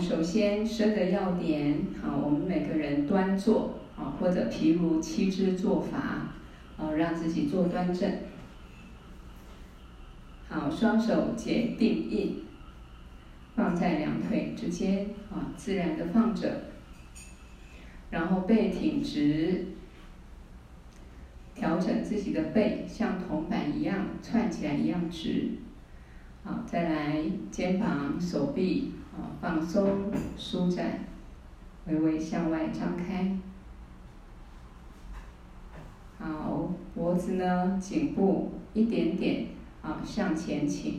首先，身的要點，好，我們每個人端坐，好，或者譬如七支坐法，呃，讓自己坐端正。好，雙手結定印，放在兩腿之間，啊，自然的放着。然後背挺直，調整自己的背，像銅板一樣，串起來一樣直。好，再來肩膀、手臂。好，放鬆、舒展，微微向外張開。好，脖子呢，頸部一點點啊向前傾，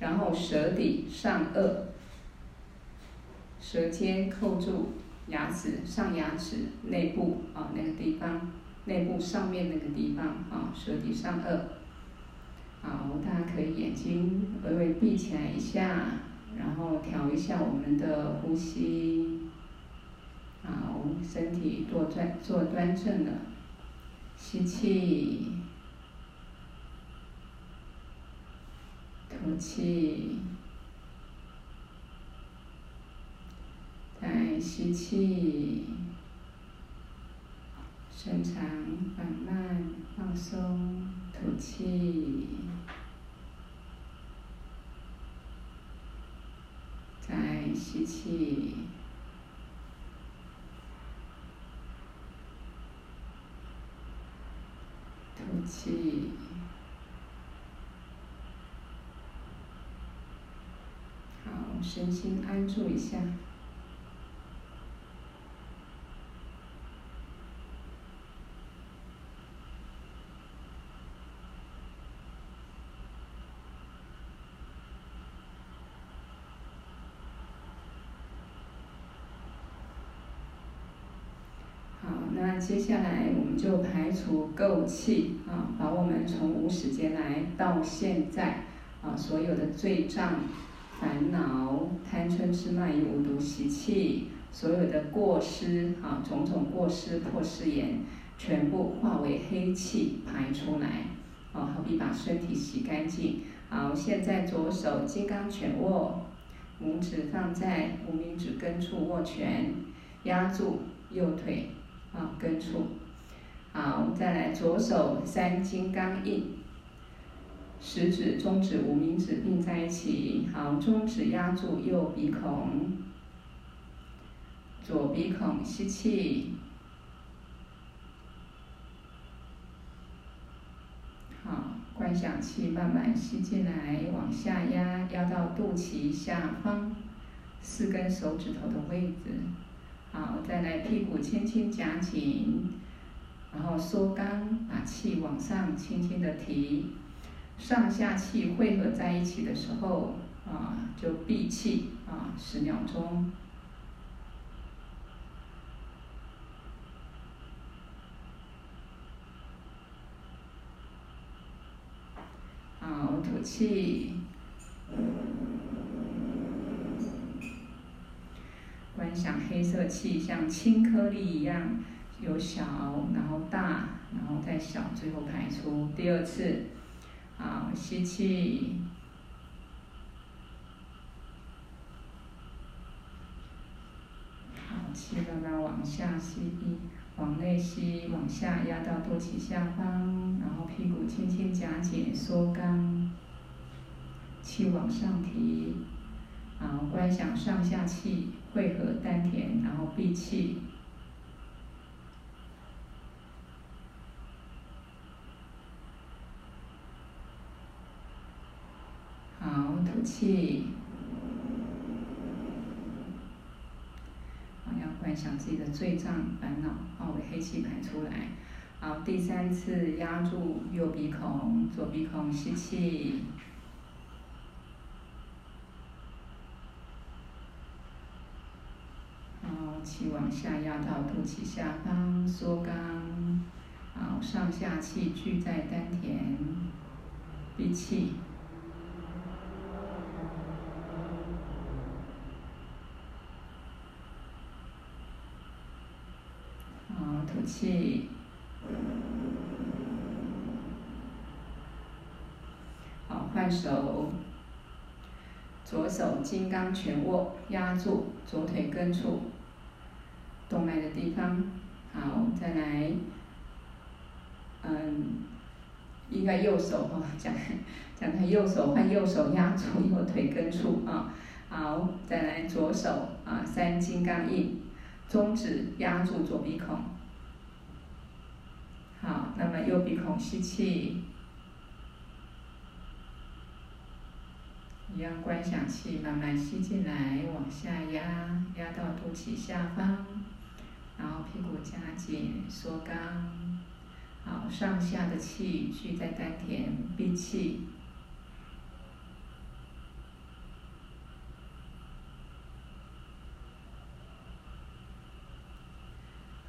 然後舌底上顎，舌尖扣住牙齒上牙齒內部啊那個地方，內部上面那個地方啊舌底上顎。好，大家可以眼睛微微閉起來一下。然後調一下我們的呼吸，好，身體坐坐端正了，吸氣，吐氣，再吸氣，伸長，緩慢放鬆，吐氣。來吸氣，吐氣，好，身心安住一下。啊、接下來我們就排除垢氣啊，把我們從無始劫來到現在啊，所有的罪障、煩惱、貪嗔痴慢疑、五毒習氣，所有的過失啊，種種過失、破誓言，全部化為黑氣排出來，啊，好比把身體洗乾淨。好，現在左手金剛拳握，拇指放在無名指根處握拳，壓住右腿。好，跟住，好，我們再來，左手三金剛印，食指、中指、無名指並在一起。好，中指壓住右鼻孔，左鼻孔吸氣。好，觀想氣慢慢吸進來，往下壓，壓到肚臍下方，四根手指頭的位置。好，再來，屁股輕輕夾緊，然後收肛，把氣往上輕輕的提，上下氣匯合在一起的時候，啊，就閉氣，啊，十秒鐘。好，吐氣。分享黑色氣像青顆粒一樣，由小然後大，然後再小，最後排出。第二次，好，吸氣，好，氣慢慢，往下吸，往內吸，往下壓到肚臍下方，然後屁股輕輕夾緊，縮肛，氣往上提。好，觀想上下氣匯合丹田，然後閉氣。好，吐氣。好，要觀想自己的罪障煩惱把我的黑氣排出來。好，第三次壓住右鼻孔，左鼻孔吸氣。下壓到肚臍下方，縮肛，好，上下氣聚在丹田，閉氣，好，吐氣，好，換手，左手金剛拳握，壓住左腿根處。動脈的地方，好，我們再來，嗯，應該右手哈，講、哦、講他右手換右手壓住右腿根處啊，好，再來左手啊，三金剛印，中指壓住左鼻孔，好，那麼右鼻孔吸氣，一樣觀想氣慢慢吸進來，往下壓，壓到肚臍下方。然後屁股夾緊，縮肛。好，上下的氣聚在丹田，閉氣。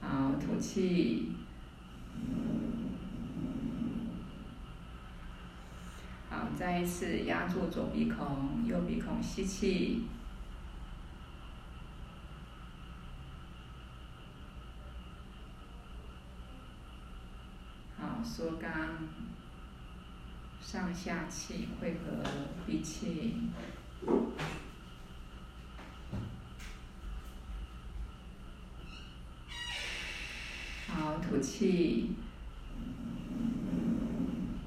好，吐氣。好，再一次壓住左鼻孔，右鼻孔，吸氣。上下氣，匯合閉氣，好，吐氣，嗯，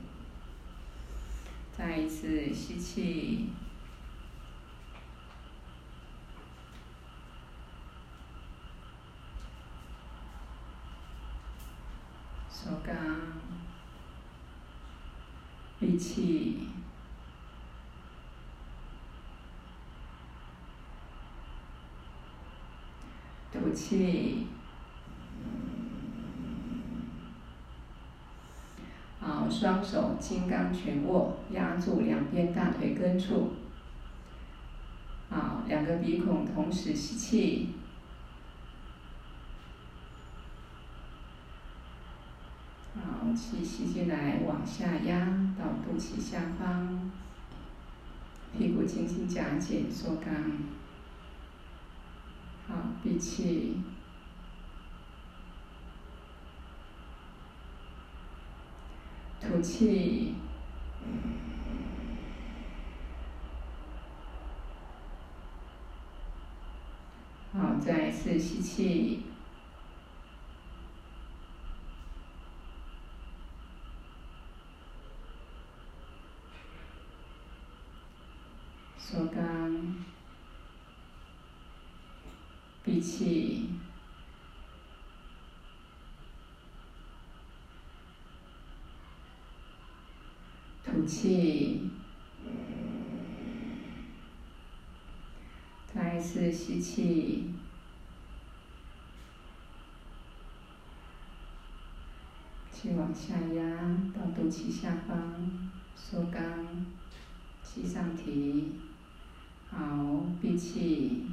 再一次吸氣。吸氣，吐氣，好，雙手金剛拳握，壓住兩邊大腿根處，好，兩個鼻孔同時吸氣。氣吸進來，往下壓到肚臍下方，屁股輕輕夾緊，縮肛。好，閉氣，吐氣。嗯，好，再一次吸氣。吸氣，吐氣，再一次吸氣，氣往下壓到肚臍下方，縮肛，氣上提，好，憋氣。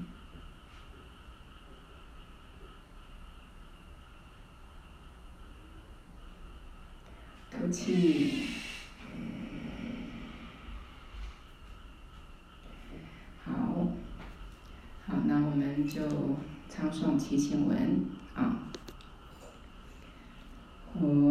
氣，好，好，那我們就唱誦《祈請文》啊，呼。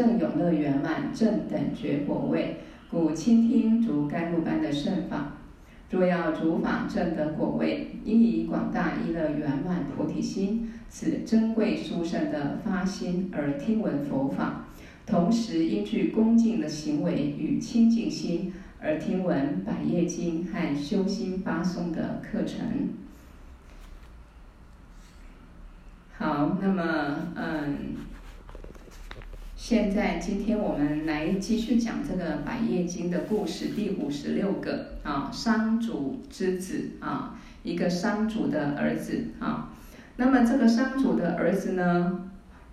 正永樂圓滿正等覺果位，故傾聽如甘露般的聖法。若要主法正等果位，應以廣大意樂圓滿菩提心，此珍貴殊勝的發心而聽聞佛法。同時，依據恭敬的行為與清淨心而聽聞百業經和修心八頌的課程。好，那麼，嗯。現在，今天我們來繼續講這個《百業經》的故事，第五十六個啊，商主之子啊，一個商主的兒子啊。那麼這個商主的兒子呢，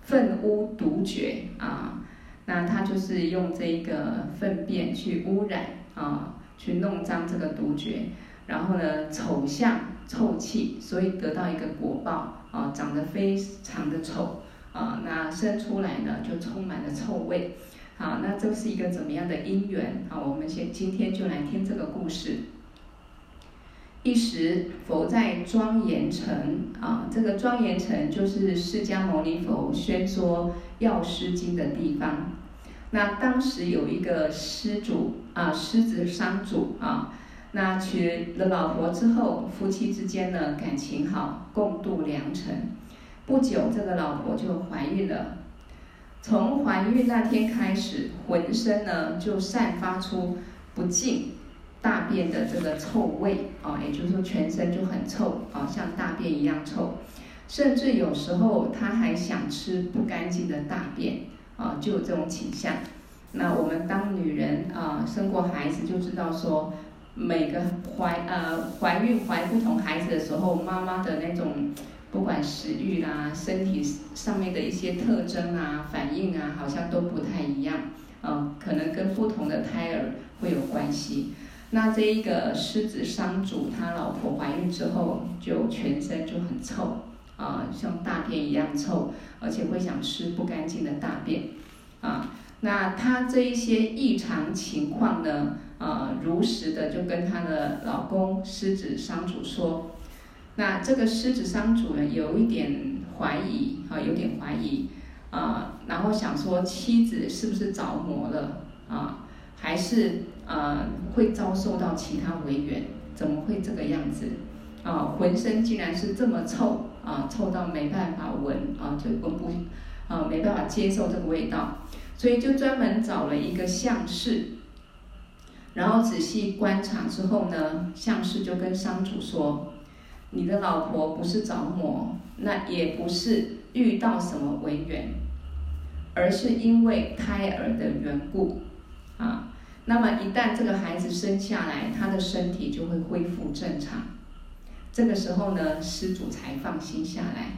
糞污獨覺啊，那他就是用這個糞便去污染啊，去弄髒這個獨覺，然後呢，醜相臭氣，所以得到一個果報啊，長得非常的醜。啊、哦，那生出來呢，就充滿了臭味。好，那這是一個怎麼樣的因緣？啊，我們先今天就來聽這個故事。一時，佛在莊嚴城啊、哦，這個莊嚴城就是釋迦牟尼佛宣說藥師經的地方。那當時有一個施主啊，獅子商主啊、哦，那娶了老婆之後，夫妻之間呢，感情好，共度良辰。不久，這個老婆就懷孕了。從懷孕那天開始，渾身呢就散發出不淨大便的這個臭味啊，也就是說全身就很臭啊，像大便一樣臭。甚至有時候她還想吃不乾淨的大便啊，就有這種傾向。那我們當女人啊，生過孩子就知道說，每個懷呃懷孕懷不同孩子的時候，媽媽的那種。不管食慾啦、啊，身體上面的一些特徵啊、反應啊，好像都不太一樣。嗯、呃，可能跟不同的胎兒會有關係。那這一個獅子商主他老婆懷孕之後，就全身就很臭，啊、呃，像大便一樣臭，而且會想吃不乾淨的大便。啊、呃，那他這一些異常情況呢，啊、呃，如實的就跟他的老公獅子商主說。那這個獅子商主人有一點懷疑，啊，有點懷疑，啊，然後想說妻子是不是着魔了啊，還是啊會遭受到其他違緣？怎麼會這個樣子？啊，渾身竟然是這麼臭，啊，臭到沒辦法聞，啊，就聞不，啊，沒辦法接受這個味道，所以就專門找了一個相士，然後仔細觀察之後呢，相士就跟商主說。你的老婆不是着魔，那也不是遇到什麼違緣，而是因為胎兒的緣故，啊，那麼一旦這個孩子生下來，他的身體就會恢復正常，這個時候呢，施主才放心下來。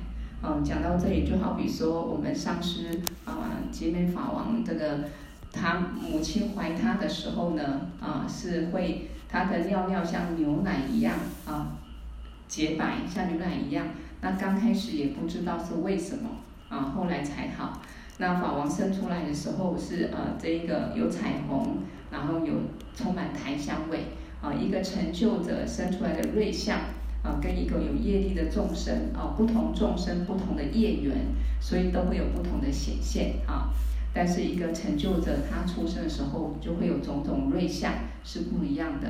嗯、啊，講到這裡，就好比說我們上師啊，晉美法王這個，他母親懷他的時候呢，啊，是會他的尿尿像牛奶一樣啊。潔白像牛奶一樣，那剛開始也不知道是為什麼啊，後來才好。那法王生出來的時候是呃這一個有彩虹，然後有充滿檀香味啊，一個成就者生出來的瑞相啊，跟一個有業力的眾生啊，不同眾生不同的業緣，所以都會有不同的顯現啊。但是一個成就者他出生的時候就會有種種瑞相，是不一樣的。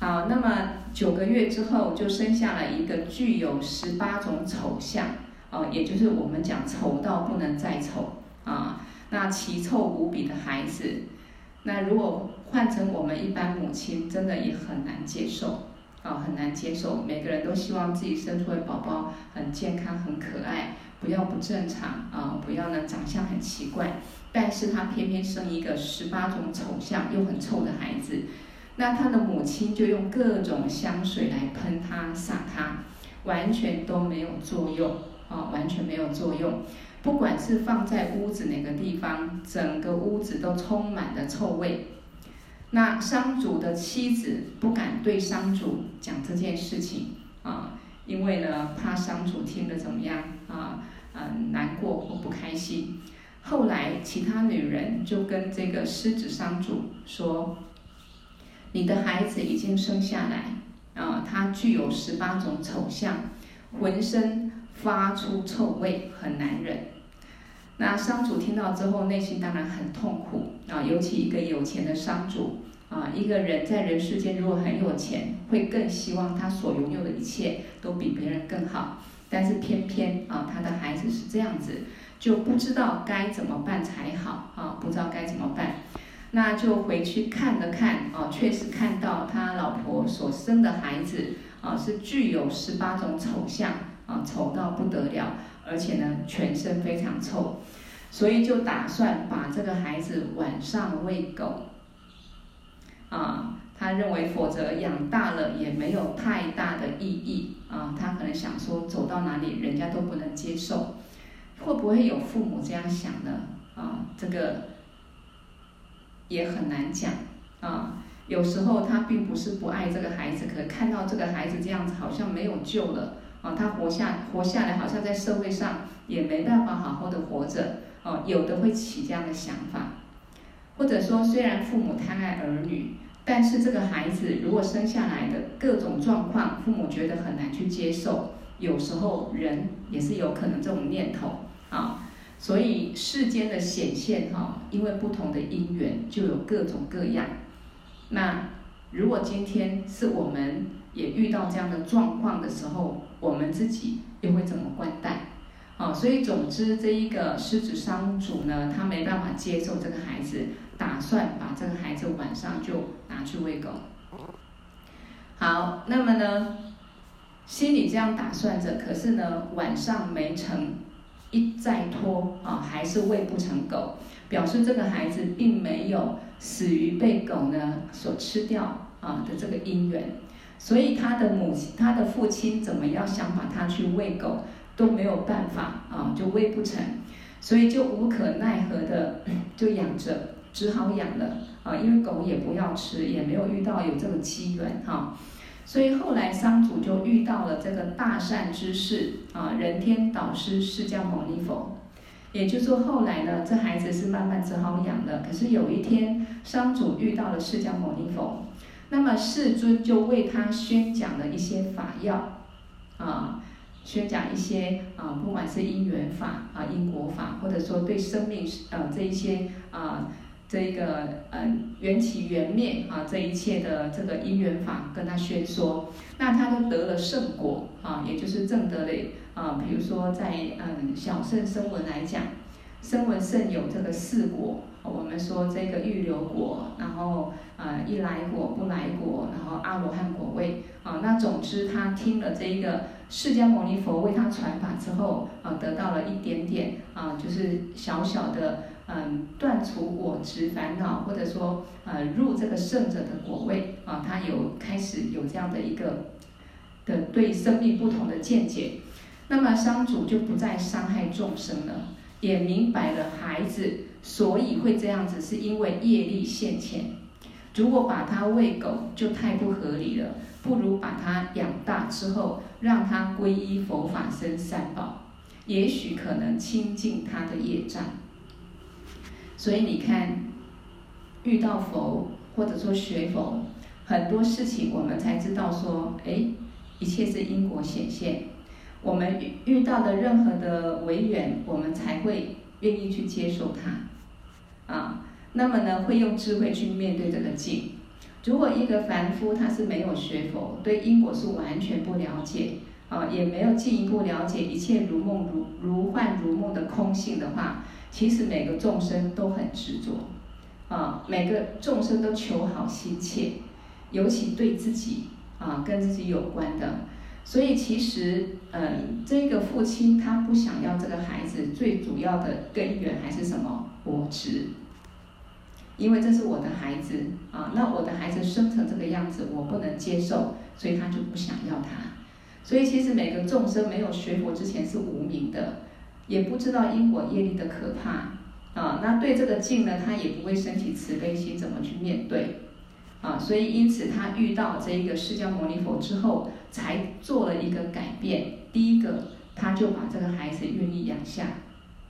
好，那麼九個月之後就生下了一個具有十八種醜相，哦、呃，也就是我們講醜到不能再醜啊、呃，那奇臭無比的孩子。那如果換成我們一般母親，真的也很難接受啊、呃，很難接受。每個人都希望自己生出的寶寶很健康、很可愛，不要不正常啊、呃，不要呢長相很奇怪。但是他偏偏生一個十八種醜相又很臭的孩子。那他的母親就用各種香水來噴他、灑他，完全都沒有作用啊、呃，完全沒有作用。不管是放在屋子哪個地方，整個屋子都充滿了臭味。那商主的妻子不敢對商主講這件事情啊、呃，因為呢怕商主聽得怎麼樣啊，嗯、呃呃，難過或不開心。後來其他女人就跟這個獅子商主說。你的孩子已經生下來，啊，他具有十八種醜相，渾身發出臭味，很難忍。那商主聽到之後，內心當然很痛苦啊，尤其一個有錢的商主啊，一個人在人世間如果很有錢，會更希望他所擁有的一切都比別人更好。但是偏偏啊，他的孩子是這樣子，就不知道該怎麼辦才好啊，不知道該怎麼辦。那就回去看了看啊，確實看到他老婆所生的孩子啊，是具有十八種醜相啊，醜到不得了，而且呢，全身非常臭，所以就打算把這個孩子晚上餵狗。啊，他認為否則養大了也沒有太大的意義啊，他可能想說走到哪裡人家都不能接受，會不會有父母這樣想呢？啊，這個。也很難講啊，有時候他並不是不愛這個孩子，可看到這個孩子這樣子好像沒有救了啊，他活下活下來好像在社會上也沒辦法好好的活着哦、啊，有的會起這樣的想法，或者說，雖然父母貪愛兒女，但是這個孩子如果生下來的各種狀況，父母覺得很難去接受，有時候人也是有可能這種念頭啊。所以世間的顯現哈、哦，因為不同的因緣，就有各種各樣。那如果今天是我們也遇到這樣的狀況的時候，我們自己又會怎麼看待？所以總之這一個獅子商主呢，他沒辦法接受這個孩子，打算把這個孩子晚上就拿去餵狗。好，那麼呢，心裡這樣打算着，可是呢晚上沒成。一再拖啊，還是餵不成狗，表示這個孩子並沒有死於被狗呢所吃掉啊的這個因緣，所以他的母親、他的父親怎麼樣想把他去餵狗都沒有辦法啊，就餵不成，所以就無可奈何的就養着，只好養了啊，因為狗也不要吃，也沒有遇到有這個機緣哈。啊所以後來商主就遇到了這個大善之事，啊，人天導師釋迦牟尼佛，也就是說後來呢，這孩子是慢慢治好養的，可是有一天商主遇到了釋迦牟尼佛，那麼世尊就為他宣講了一些法要啊，宣講一些啊，不管是因緣法啊、因果法，或者說對生命呃、啊、這一些啊。這一個嗯緣、呃、起緣滅啊，這一切的這個因緣法跟他宣說，那他都得了聖果啊，也就是證得了啊，比如說在嗯小乘聲聞來講，聲聞聖有這個四果、啊，我們說這個預流果，然後呃、啊、一來果不來果，然後阿羅漢果位啊，那總之他聽了這一個釋迦牟尼佛為他傳法之後啊，得到了一點點啊，就是小小的。嗯，斷除我執煩惱，或者說，呃，入這個聖者的果位啊，他有開始有這樣的一個的對生命不同的見解。那麼，商主就不再傷害眾生了，也明白了孩子，所以會這樣子，是因為業力現前。如果把他餵狗，就太不合理了，不如把他養大之後，讓他皈依佛法僧三寶，也許可能清淨他的業障。所以你看，遇到佛或者說學佛，很多事情我們才知道說，哎，一切是因果顯現。我們遇遇到的任何的違緣，我們才會願意去接受它。啊，那麼呢，會用智慧去面對這個境。如果一個凡夫他是沒有學佛，對因果是完全不了解，啊，也沒有進一步了解一切如夢如如幻如夢的空性的話。其實每個眾生都很執着，啊，每個眾生都求好心切，尤其對自己啊跟自己有關的。所以其實，嗯，這個父親他不想要這個孩子，最主要的根源還是什麼？我執，因為這是我的孩子啊，那我的孩子生成這個樣子，我不能接受，所以他就不想要他。所以其實每個眾生沒有學佛之前是無明的。也不知道因果業力的可怕啊，那對這個境呢，他也不會升起慈悲心，怎麼去面對啊？所以因此他遇到這一個釋迦牟尼佛之後，才做了一個改變。第一個，他就把這個孩子願意養下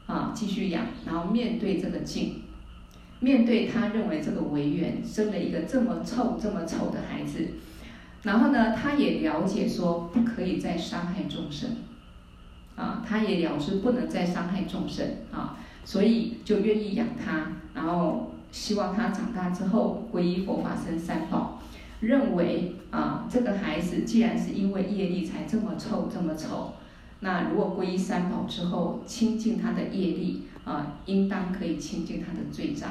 啊，繼續養，然後面對這個境，面對他認為這個違緣生了一個這麼臭這麼醜的孩子，然後呢，他也了解說不可以再傷害眾生。啊，他也了知不能再傷害眾生啊，所以就願意養他，然後希望他長大之後皈依佛法僧三寶，認為啊，這個孩子既然是因為業力才這麼臭這麼醜，那如果皈依三寶之後清淨他的業力啊，應當可以清淨他的罪障。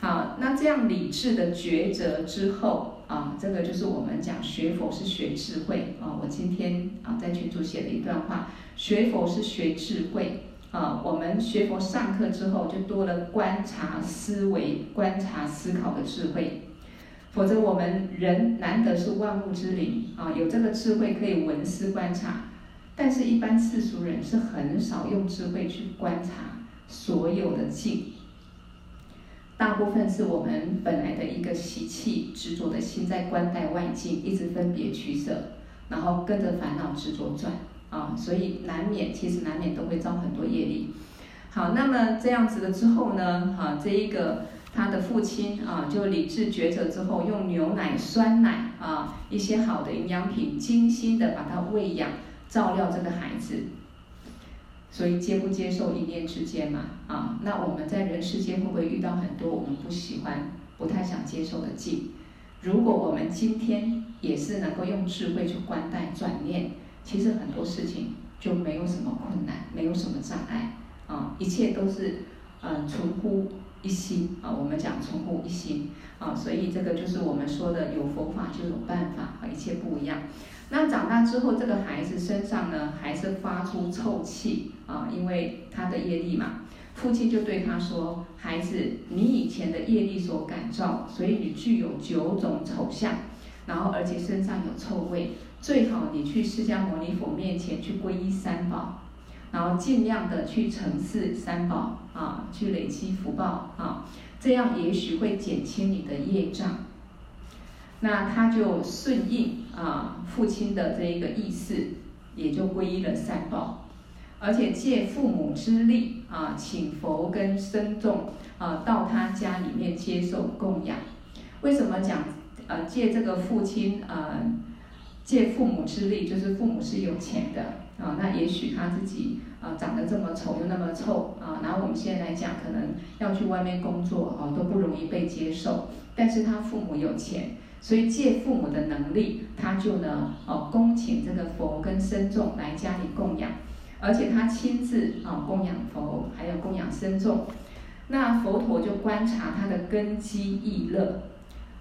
好、啊，那這樣理智的抉擇之後。啊，這個就是我們講學佛是學智慧啊。我今天啊在群主寫了一段話，學佛是學智慧啊。我們學佛上課之後，就多了觀察思維、觀察思考的智慧。否則我們人難得是萬物之靈啊，有這個智慧可以聞思觀察，但是一般世俗人是很少用智慧去觀察所有的境。大部分是我們本來的一個習氣執着的心在觀待外境，一直分別取舍，然後跟着煩惱執着轉啊，所以難免，其實難免都會造很多業力。好，那麼這樣子了之後呢，哈、啊，這一個他的父親啊，就理智抉擇之後，用牛奶、酸奶啊，一些好的營養品，精心的把他餵養、照料這個孩子。所以接不接受一念之間嘛，啊，那我們在人世間會不會遇到很多我們不喜歡、不太想接受的境？如果我們今天也是能夠用智慧去觀待、轉念，其實很多事情就沒有什麼困難，沒有什麼障礙，啊，一切都是嗯，呃，存乎。一心啊，我們講稱呼一心啊，所以這個就是我們說的有佛法就有辦法啊，一切不一樣。那長大之後，這個孩子身上呢還是發出臭氣啊，因為他的業力嘛。父親就對他說：“孩子，你以前的業力所感召，所以你具有九種醜相，然後而且身上有臭味，最好你去釋迦牟尼佛面前去皈依三寶。”然後盡量的去承事三寶啊，去累積福報啊，這樣也許會減輕你的業障。那他就順應啊父親的這一個意思，也就皈依了三寶，而且借父母之力啊，請佛跟僧眾啊到他家裡面接受供養。為什麼講呃、啊、借這個父親呃、啊、借父母之力，就是父母是有錢的。啊，那也許他自己啊長得這麼醜又那麼臭啊，然後我們現在來講，可能要去外面工作啊都不容易被接受。但是他父母有錢，所以借父母的能力，他就呢啊，恭請這個佛跟僧眾來家裡供養，而且他親自啊供養佛，還有供養僧眾。那佛陀就觀察他的根基意樂。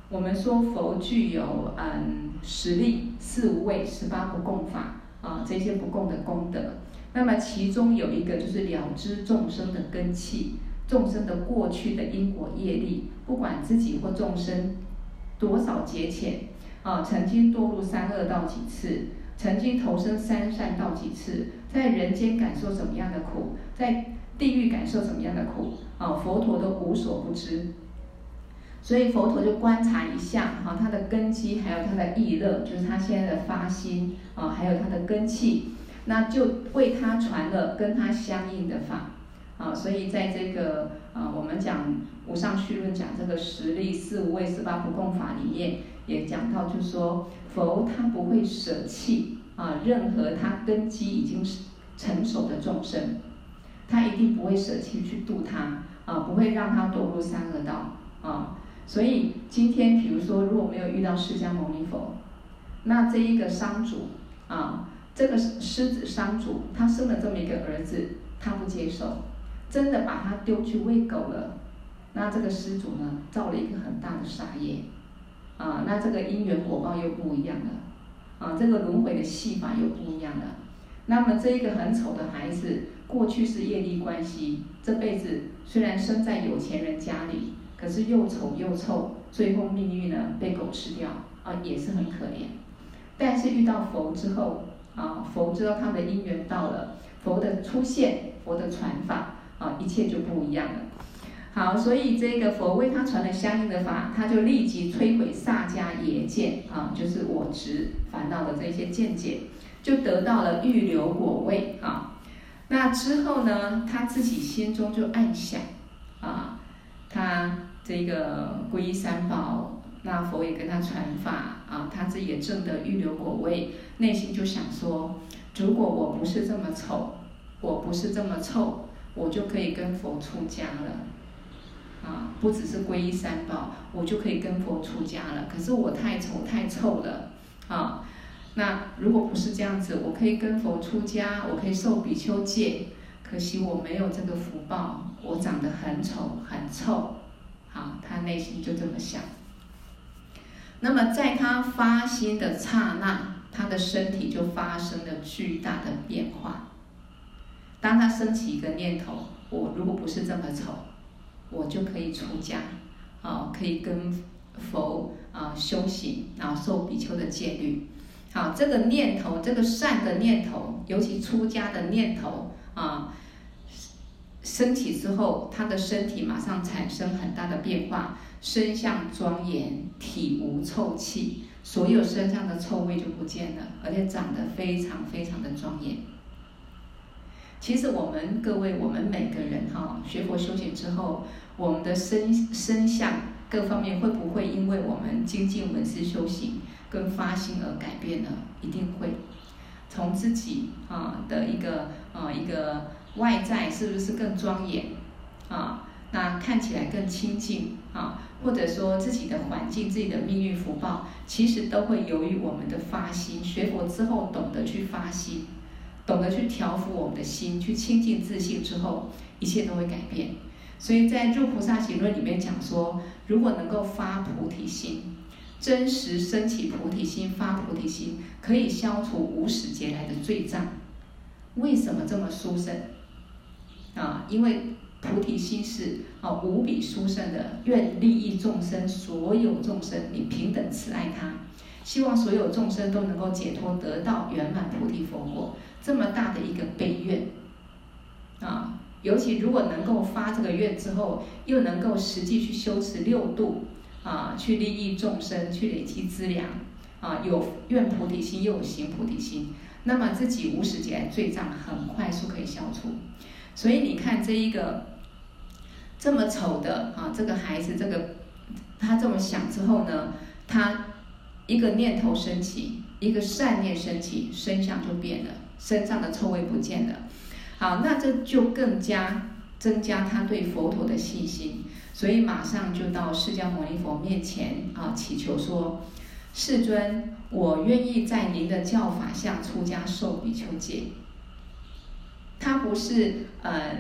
我們說佛具有嗯十力、四無畏、十八不共法。啊，這些不共的功德，那麼其中有一個就是了知眾生的根器，眾生的過去的因果業力，不管自己或眾生多少劫淺，啊，曾經墮入三惡道幾次，曾經投身三善道幾次，在人間感受什麼樣的苦，在地獄感受什麼樣的苦，啊，佛陀都無所不知。所以佛陀就觀察一下，哈，他的根基，還有他的意樂，就是他現在的發心啊，還有他的根器，那就為他傳了跟他相應的法，啊，所以在這個啊，我們講《無上續論》講這個十力、四無畏、十八不共法裡面，也講到，就是說佛他不會捨棄啊任何他根基已經成熟的眾生，他一定不會捨棄去度他啊，不會讓他墮入三惡道啊。所以今天，比如說，如果沒有遇到釋迦牟尼佛，那這一個商主啊，這個獅子商主，他生了這麼一個兒子，他不接受，真的把他丟去餵狗了。那這個施主呢，造了一個很大的殺業，啊，那這個因緣果報又不一樣了，啊，這個輪回的戲法又不一樣了。那麼這一個很醜的孩子，過去是業力關係，這輩子雖然生在有錢人家裡。可是又醜又臭，最後命運呢，被狗吃掉啊，也是很可憐。但是遇到佛之後啊，佛知道他們的因緣到了，佛的出現，佛的傳法啊，一切就不一樣了。好，所以這個佛為他傳了相應的法，他就立即摧毀薩迦耶見啊，就是我執煩惱的這些見解，就得到了預流果位啊。那之後呢，他自己心中就暗想啊，他。這個皈依三寶，那佛也跟他傳法啊，他自己也證得預流果位，內心就想說：如果我不是這麼醜，我不是這麼臭，我就可以跟佛出家了。啊，不只是皈依三寶，我就可以跟佛出家了。可是我太醜太臭了，啊，那如果不是這樣子，我可以跟佛出家，我可以受比丘戒。可惜我沒有這個福報，我長得很醜很臭。啊，他內心就這麼想。那麼在他發心的剎那，他的身體就發生了巨大的變化。當他升起一個念頭，我如果不是這麼醜，我就可以出家，啊，可以跟佛啊修行，然後受比丘的戒律。好，這個念頭，這個善的念頭，尤其出家的念頭啊。升起之後，他的身體馬上產生很大的變化，身相莊嚴，體無臭氣，所有身上的臭味就不見了，而且長得非常非常的莊嚴。其實我們各位，我們每個人哈、哦，學佛修行之後，我們的身身相各方面會不會因為我們精進聞思修行跟發心而改變呢？一定會，從自己啊的一個啊一個。外在是不是更莊嚴啊？那看起來更清淨啊？或者說自己的環境、自己的命運、福報，其實都會由於我們的發心。學佛之後，懂得去發心，懂得去調伏我們的心，去清淨自信之後，一切都會改變。所以在《入菩薩行論》裡面講說，如果能夠發菩提心，真實生起菩提心，發菩提心可以消除無始劫來的罪障。為什麼這麼殊勝？啊，因為菩提心是啊無比殊勝的，願利益眾生，所有眾生你平等慈愛他，希望所有眾生都能夠解脫，得到圓滿菩提佛果，這麼大的一個悲願啊！尤其如果能夠發這個願之後，又能夠實際去修持六度啊，去利益眾生，去累積資糧啊，有願菩提心，又有行菩提心，那麼自己無始劫罪障很快速可以消除。所以你看這一個這麼醜的啊，這個孩子，這個他這麼想之後呢，他一個念頭升起，一個善念升起，身上就變了，身上的臭味不見了。好，那這就更加增加他對佛陀的信心，所以馬上就到釋迦牟尼佛面前啊，祈求說：“世尊，我願意在您的教法下出家受比丘戒。”他不是嗯、呃、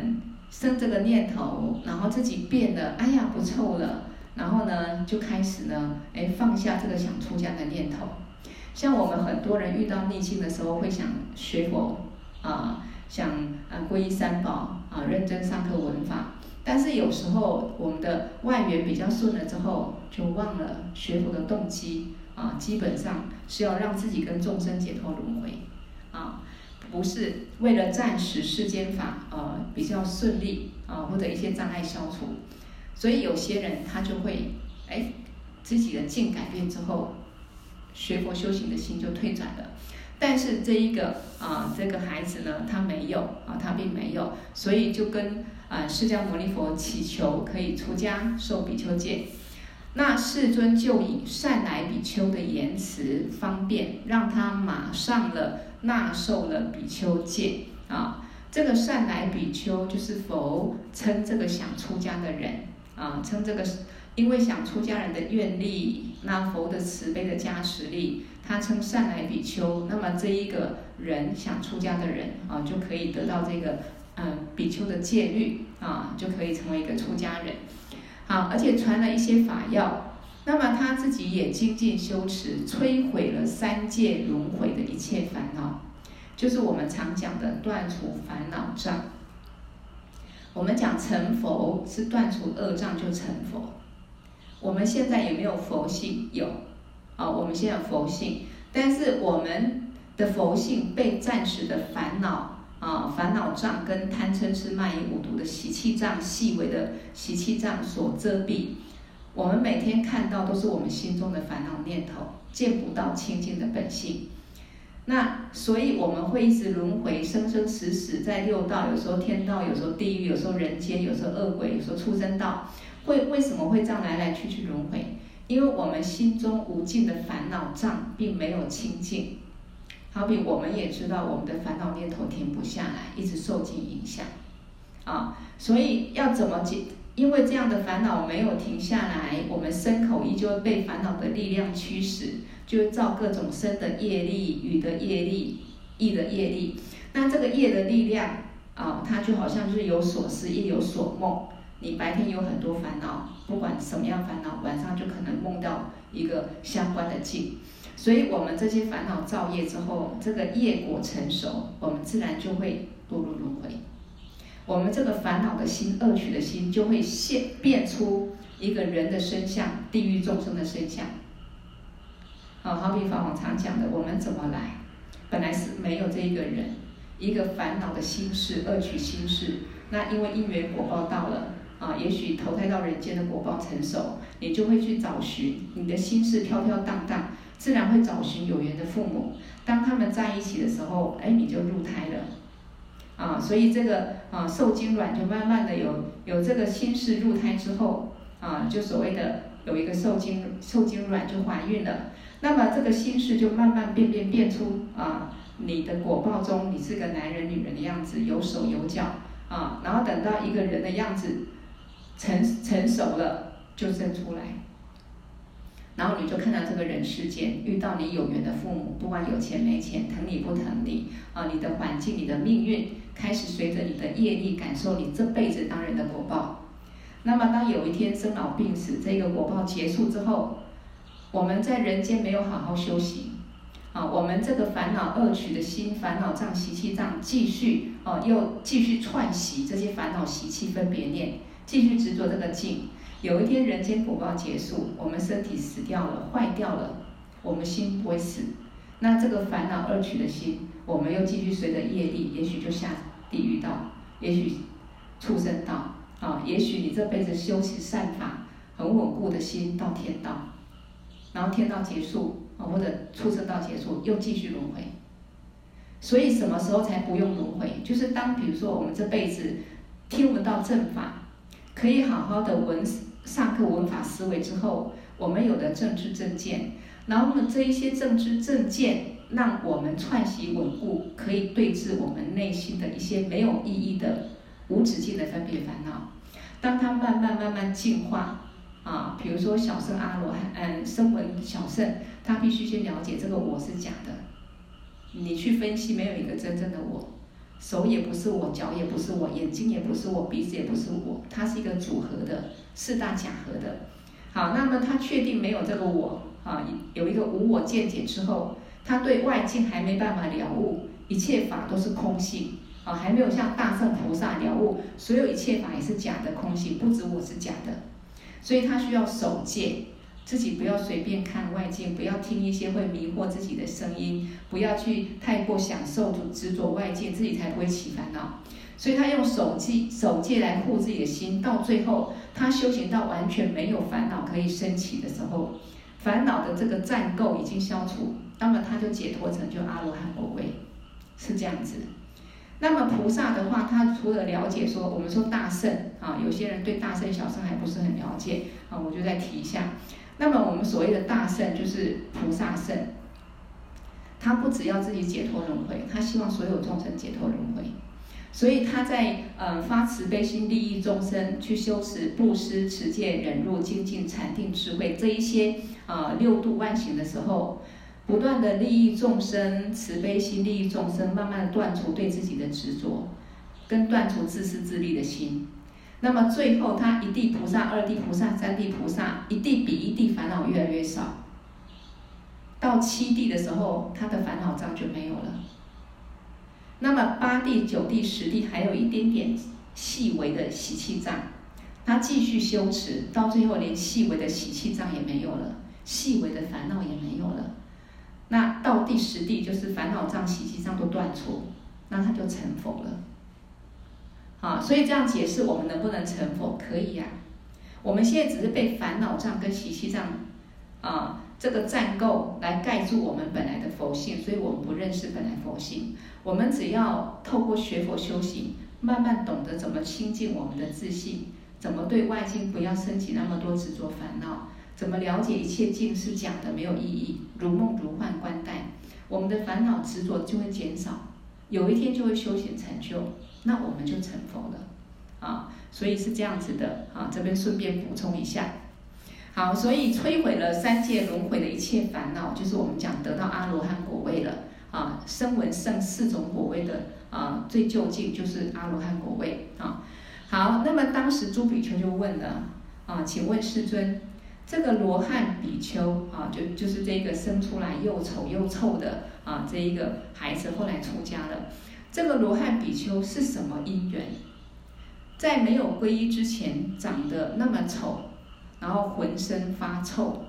生這個念頭，然後自己變得哎呀不臭了，然後呢就開始呢，哎放下這個想出家的念頭。像我們很多人遇到逆境的時候，會想學佛啊、呃，想啊皈依三寶啊、呃，認真上課聞法。但是有時候我們的外緣比較順了之後，就忘了學佛的動機啊、呃，基本上是要讓自己跟眾生解脫輪迴啊。呃不是為了暫時世間法，呃，比較順利啊、呃，或者一些障礙消除，所以有些人他就會，哎，自己的境改變之後，學佛修行的心就退轉了。但是這一個啊、呃，這個孩子呢，他沒有啊，他並沒有，所以就跟啊、呃，釋迦牟尼佛祈求可以出家受比丘戒。那世尊就以善來比丘的言辭方便，讓他馬上了納受了比丘戒。啊，這個善來比丘就是佛稱這個想出家的人啊，稱這個因為想出家人的願力，那佛的慈悲的加持力，他稱善來比丘，那麼這一個人想出家的人啊，就可以得到這個嗯、呃、比丘的戒律啊，就可以成為一個出家人。好，而且傳了一些法要，那麼他自己也精進修持，摧毀了三界輪迴的一切煩惱，就是我們常講的斷除煩惱障。我們講成佛是斷除惡障就成佛。我們現在有沒有佛性？有，啊，我們現在有佛性，但是我們的佛性被暫時的煩惱。啊，煩惱、哦、障跟貪嗔癡慢疑五毒的習氣障，細微的習氣障所遮蔽。我們每天看到都是我們心中的煩惱念頭，見不到清淨的本性。那所以我們會一直輪迴，生生死死在六道，有時候天道，有時候地獄，有時候人間，有時候惡鬼，有時候畜生道。會為什麼會這樣來來去去輪迴？因為我們心中無盡的煩惱障並沒有清淨。好比我們也知道，我們的煩惱念頭停不下來，一直受盡影響，啊，所以要怎麼解？因為這樣的煩惱沒有停下來，我們身口意就會被煩惱的力量驅使，就會造各種身的業力、語的業力、意的業力。那這個業的力量啊，它就好像日有所思、夜有所夢。你白天有很多煩惱，不管什麼樣煩惱，晚上就可能夢到一個相關的境。所以，我們這些煩惱造業之後，這個業果成熟，我們自然就會墮入輪回。我們這個煩惱的心、惡取的心，就會現變出一個人的身相、地獄眾生的身相。好、啊、好比法王講的，我們怎麼來？本來是沒有這一個人，一個煩惱的心事、惡取心事。那因為因緣果報到了啊，也許投胎到人間的果報成熟，你就會去找尋，你的心事飄飄蕩蕩。自然會找尋有緣的父母，當他們在一起的時候，哎，你就入胎了，啊，所以這個啊受精卵就慢慢的有有這個心識入胎之後，啊，就所謂的有一個受精受精卵就懷孕了，那麼這個心識就慢慢變變變出啊你的果報中，你是個男人女人的樣子，有手有腳啊，然後等到一個人的樣子成成熟了，就生出來。然後你就看到這個人世間，遇到你有緣的父母，不管有錢沒錢，疼你不疼你啊，你的環境，你的命運，開始隨着你的業力，感受你這輩子當人的果報。那麼，當有一天生老病死這個果報結束之後，我們在人間沒有好好修行啊，我們這個煩惱惡取的心、煩惱障、習氣障，繼續哦、啊，又繼續串習這些煩惱習氣、分別念，繼續執着這個境。有一天，人間福報結束，我們身體死掉了，壞掉了，我們心不會死。那這個煩惱二取的心，我們又繼續隨着業力，也許就下地獄道，也許畜生道啊，也許你這輩子修習善法，很穩固的心到天道，然後天道結束啊，或者畜生道結束又繼續輪回。所以什麼時候才不用輪回？就是當比如說我們這輩子聽聞到正法，可以好好的聞。上課聞法思維之後，我們有的正知正見，然後呢，這一些正知正見讓我們串習穩固，可以對治我們內心的一些沒有意義的無止境的分別煩惱。當它慢慢慢慢淨化，啊，比如說小乘阿羅漢，嗯，聲聞小乘，他必須先了解這個我是假的。你去分析，沒有一個真正的我，手也不是我，腳也不是我，眼睛也不是我，鼻子也不是我，它是一個組合的。四大假合的，好，那麼他確定沒有這個我，啊，有一個無我見解之後，他對外境還沒辦法了悟，一切法都是空性，啊，還沒有像大乘菩薩了悟，所有一切法也是假的空性，不止我是假的，所以他需要守戒。自己不要隨便看外界，不要聽一些會迷惑自己的聲音，不要去太過享受、執執着外界，自己才不會起煩惱。所以他用守戒守戒來護自己的心，到最後他修行到完全沒有煩惱可以升起的時候，煩惱的這個戰垢已經消除，那麼他就解脫成就阿羅漢果位，是這樣子。那麼菩薩的話，他除了了解說，我們說大聖啊，有些人對大聖、小聖還不是很了解啊，我就再提一下。那麼我們所謂的大聖就是菩薩聖，他不只要自己解脫輪迴，他希望所有眾生解脫輪迴，所以他在嗯、呃、發慈悲心利益眾生，去修持布施、持戒、忍辱、精進、禪定、智慧這一些啊、呃、六度萬行的時候，不斷的利益眾生，慈悲心利益眾生，慢慢斷除對自己的執着，跟斷除自私自利的心。那麼最後，他一地菩薩、二地菩薩、三地菩薩，一地比一地煩惱越來越少。到七地的時候，他的煩惱障就沒有了。那麼八地、九地、十地還有一點點細微的習氣障，他繼續修持，到最後連細微的習氣障也沒有了，細微的煩惱也沒有了。那到第十地，就是煩惱障、習氣障都斷除，那他就成佛了。啊，所以這樣解釋，我們能不能成佛？可以呀，啊。我們現在只是被煩惱障跟習氣障，啊，這個障垢來蓋住我們本來的佛性，所以我們不認識本來佛性。我們只要透過學佛修行，慢慢懂得怎麼清淨我們的自信，怎麼對外境不要升起那麼多執着煩惱，怎麼了解一切境是假的，沒有意義，如夢如幻，觀待，我們的煩惱執着就會減少，有一天就會修行成就。那我們就成佛了，啊，所以是這樣子的啊。這邊順便補充一下，好，所以摧毀了三界輪迴的一切煩惱，就是我們講得到阿羅漢果位了啊。聲聞乘四種果位的啊，最究竟就是阿羅漢果位啊。好，那麼當時諸比丘就問了啊，請問世尊，這個羅漢比丘啊，就就是這個生出來又醜又臭的啊，這一個孩子後來出家了。這個羅漢比丘是什麼因緣？在沒有皈依之前，長得那麼醜，然後渾身發臭，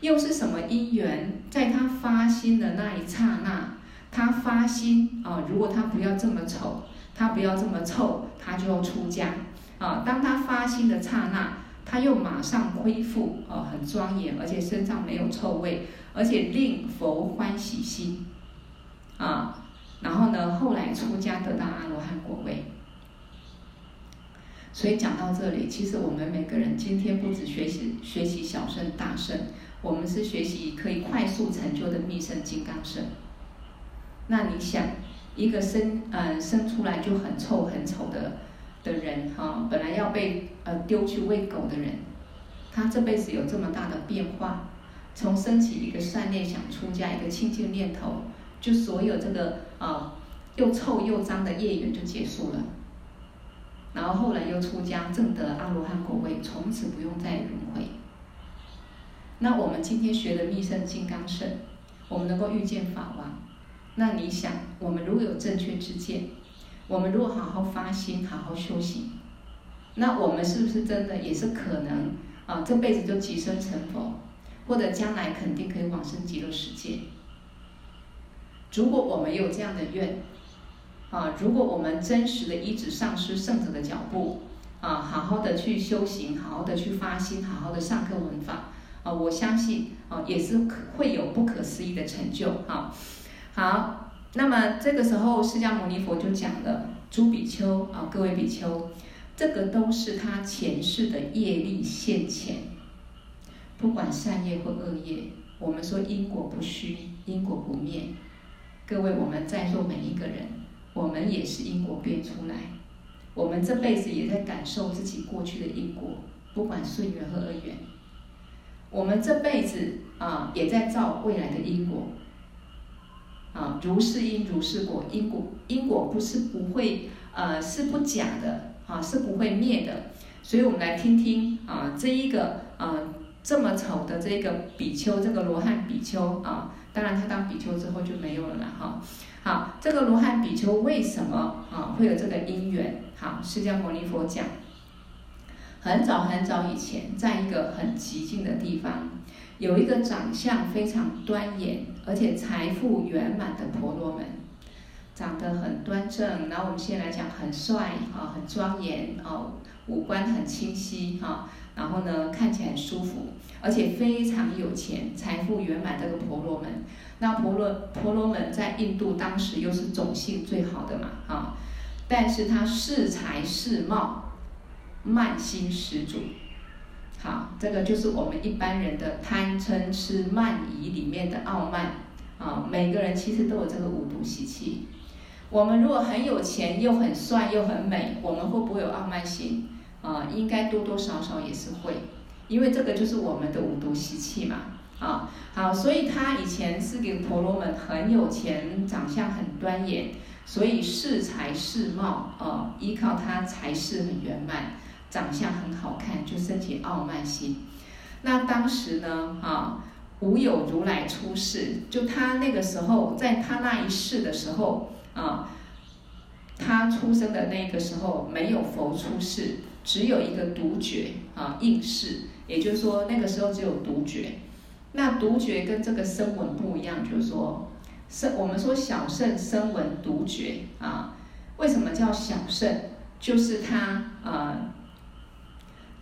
又是什麼因緣？在他發心的那一剎那，他發心啊、呃！如果他不要這麼醜，他不要這麼臭，他就要出家啊！當他發心的剎那，他又馬上恢復啊，很莊嚴，而且身上沒有臭味，而且令佛歡喜心，啊。然後呢，後來出家，得到阿羅漢果位。所以講到這裡，其實我們每個人今天不止學習學習小乘大乘，我們是學習可以快速成就的密乘金剛乘。那你想，一個生嗯、呃、生出來就很臭很醜的的人哈、哦，本來要被呃丟去餵狗的人，他這輩子有這麼大的變化，從生起一個善念，想出家一個清淨念頭。就所有這個啊、哦，又臭又髒的業緣就結束了，然後後來又出家，證得阿羅漢果位，從此不用再輪迴。那我們今天學的密乘金剛乘，我們能夠遇見法王，那你想，我們如果有正確之見，我們如果好好發心，好好修行，那我們是不是真的也是可能啊、哦？這輩子就即生成佛，或者將來肯定可以往生極樂世界。如果我們有這樣的願啊，如果我們真實的依止上師聖者的腳步啊，好好的去修行，好好的去發心，好好的上課聞法啊，我相信啊，也是會有不可思議的成就哈、啊。好，那麼這個時候釋迦牟尼佛就講了：“諸比丘啊，各位比丘，這個都是他前世的業力現前，不管善業或惡業，我們說因果不虛，因果不滅。”各位，我們在座每一個人，我們也是因果變出來。我們這輩子也在感受自己過去的因果，不管順緣和惡緣。我們這輩子啊，也在造未來的因果。啊，如是因如是果，因果因果不是不會，呃，是不假的啊，是不會滅的。所以，我們來聽聽啊，這一個啊，這麼醜的這個比丘，這個羅漢比丘啊。當然，他當比丘之後就沒有了啦，哈。好，這個羅漢比丘為什麼啊會有這個因緣？好，釋迦牟尼佛講，很早很早以前，在一個很寂靜的地方，有一個長相非常端嚴，而且財富圓滿的婆羅門，長得很端正，然後我們現在來講很帥啊，很莊嚴啊，五官很清晰哈，然後呢看起來很舒服。而且非常有錢，財富圓滿這個婆羅門，那婆羅婆羅門在印度當時又是種姓最好的嘛啊，但是他恃財恃貌，慢心十足。好，啊，這個就是我們一般人的貪嗔痴慢疑裡面的傲慢啊。每個人其實都有這個五毒習氣。我們如果很有錢，又很帥，又很美，我們會不會有傲慢心啊？應該多多少少也是會。因為這個就是我們的五毒習氣嘛，啊，好，所以他以前是給婆羅門很有錢，長相很端嚴，所以恃財恃貌啊、呃，依靠他財勢很圓滿，長相很好看，就升起傲慢心。那當時呢，啊、呃，無有如來出世，就他那個時候，在他那一世的時候，啊、呃，他出生的那個時候沒有佛出世，只有一個獨覺啊應世。也就是說，那個時候只有獨覺。那獨覺跟這個聲聞不一樣，就是說，我們說小聖聲聞獨覺啊，為什麼叫小聖？就是他呃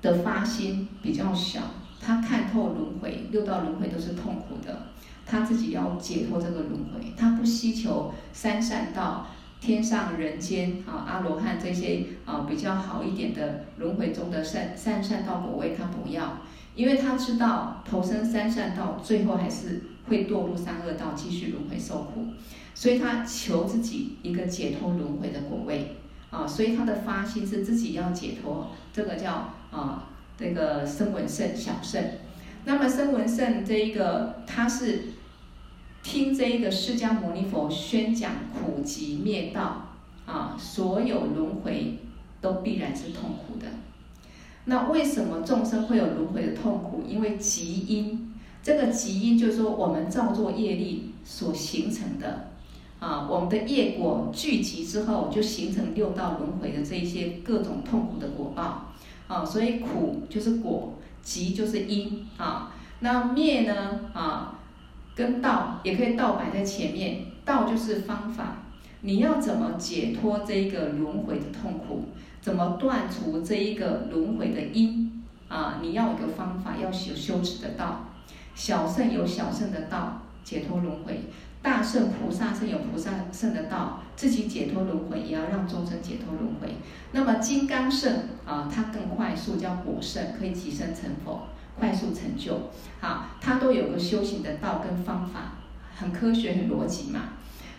的發心比較小，他看透輪迴，六道輪迴都是痛苦的，他自己要解脫這個輪迴，他不希求三善道。天上人間啊，阿羅漢這些啊比較好一點的輪迴中的善善善道果位，他不要，因為他知道投生三善道最後還是會墮入三惡道，繼續輪迴受苦，所以他求自己一個解脫輪迴的果位啊，所以他的發心是自己要解脫，這個叫啊這個聲聞聖小聖，那麼聲聞聖這一個他是。聽這一個釋迦牟尼佛宣講苦集滅道啊，所有輪迴都必然是痛苦的。那為什麼眾生會有輪迴的痛苦？因為集因，這個集因就是說我們造作業力所形成的啊，我們的業果聚集之後就形成六道輪迴的這一些各種痛苦的果報啊，所以苦就是果，集就是因啊，那滅呢啊？跟道也可以道擺在前面，道就是方法，你要怎麼解脫這一個輪回的痛苦，怎麼斷除這一個輪回的因啊？你要有一個方法，要修修持的道，小乘有小乘的道，解脫輪回。大聖菩薩是有菩薩聖的道，自己解脫輪迴，也要讓眾生解脫輪迴。那麼金剛聖啊，它更快速，叫果聖，可以即生成佛，快速成就。好，它都有個修行的道跟方法，很科學，很邏輯嘛。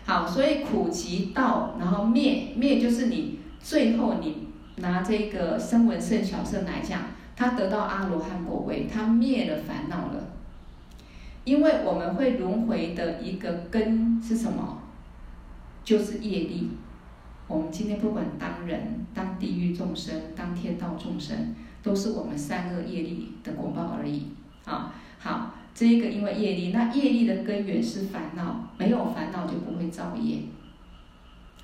好，所以苦集道，然後滅，滅就是你最後，你拿這個聲聞聖小聖來講，他得到阿羅漢果位，他滅了煩惱了。因為我們會輪迴的一個根是什麼？就是業力。我們今天不管當人、當地獄眾生、當天道眾生，都是我們善惡業力的果報而已。啊，好，這個因為業力，那業力的根源是煩惱，沒有煩惱就不會造業。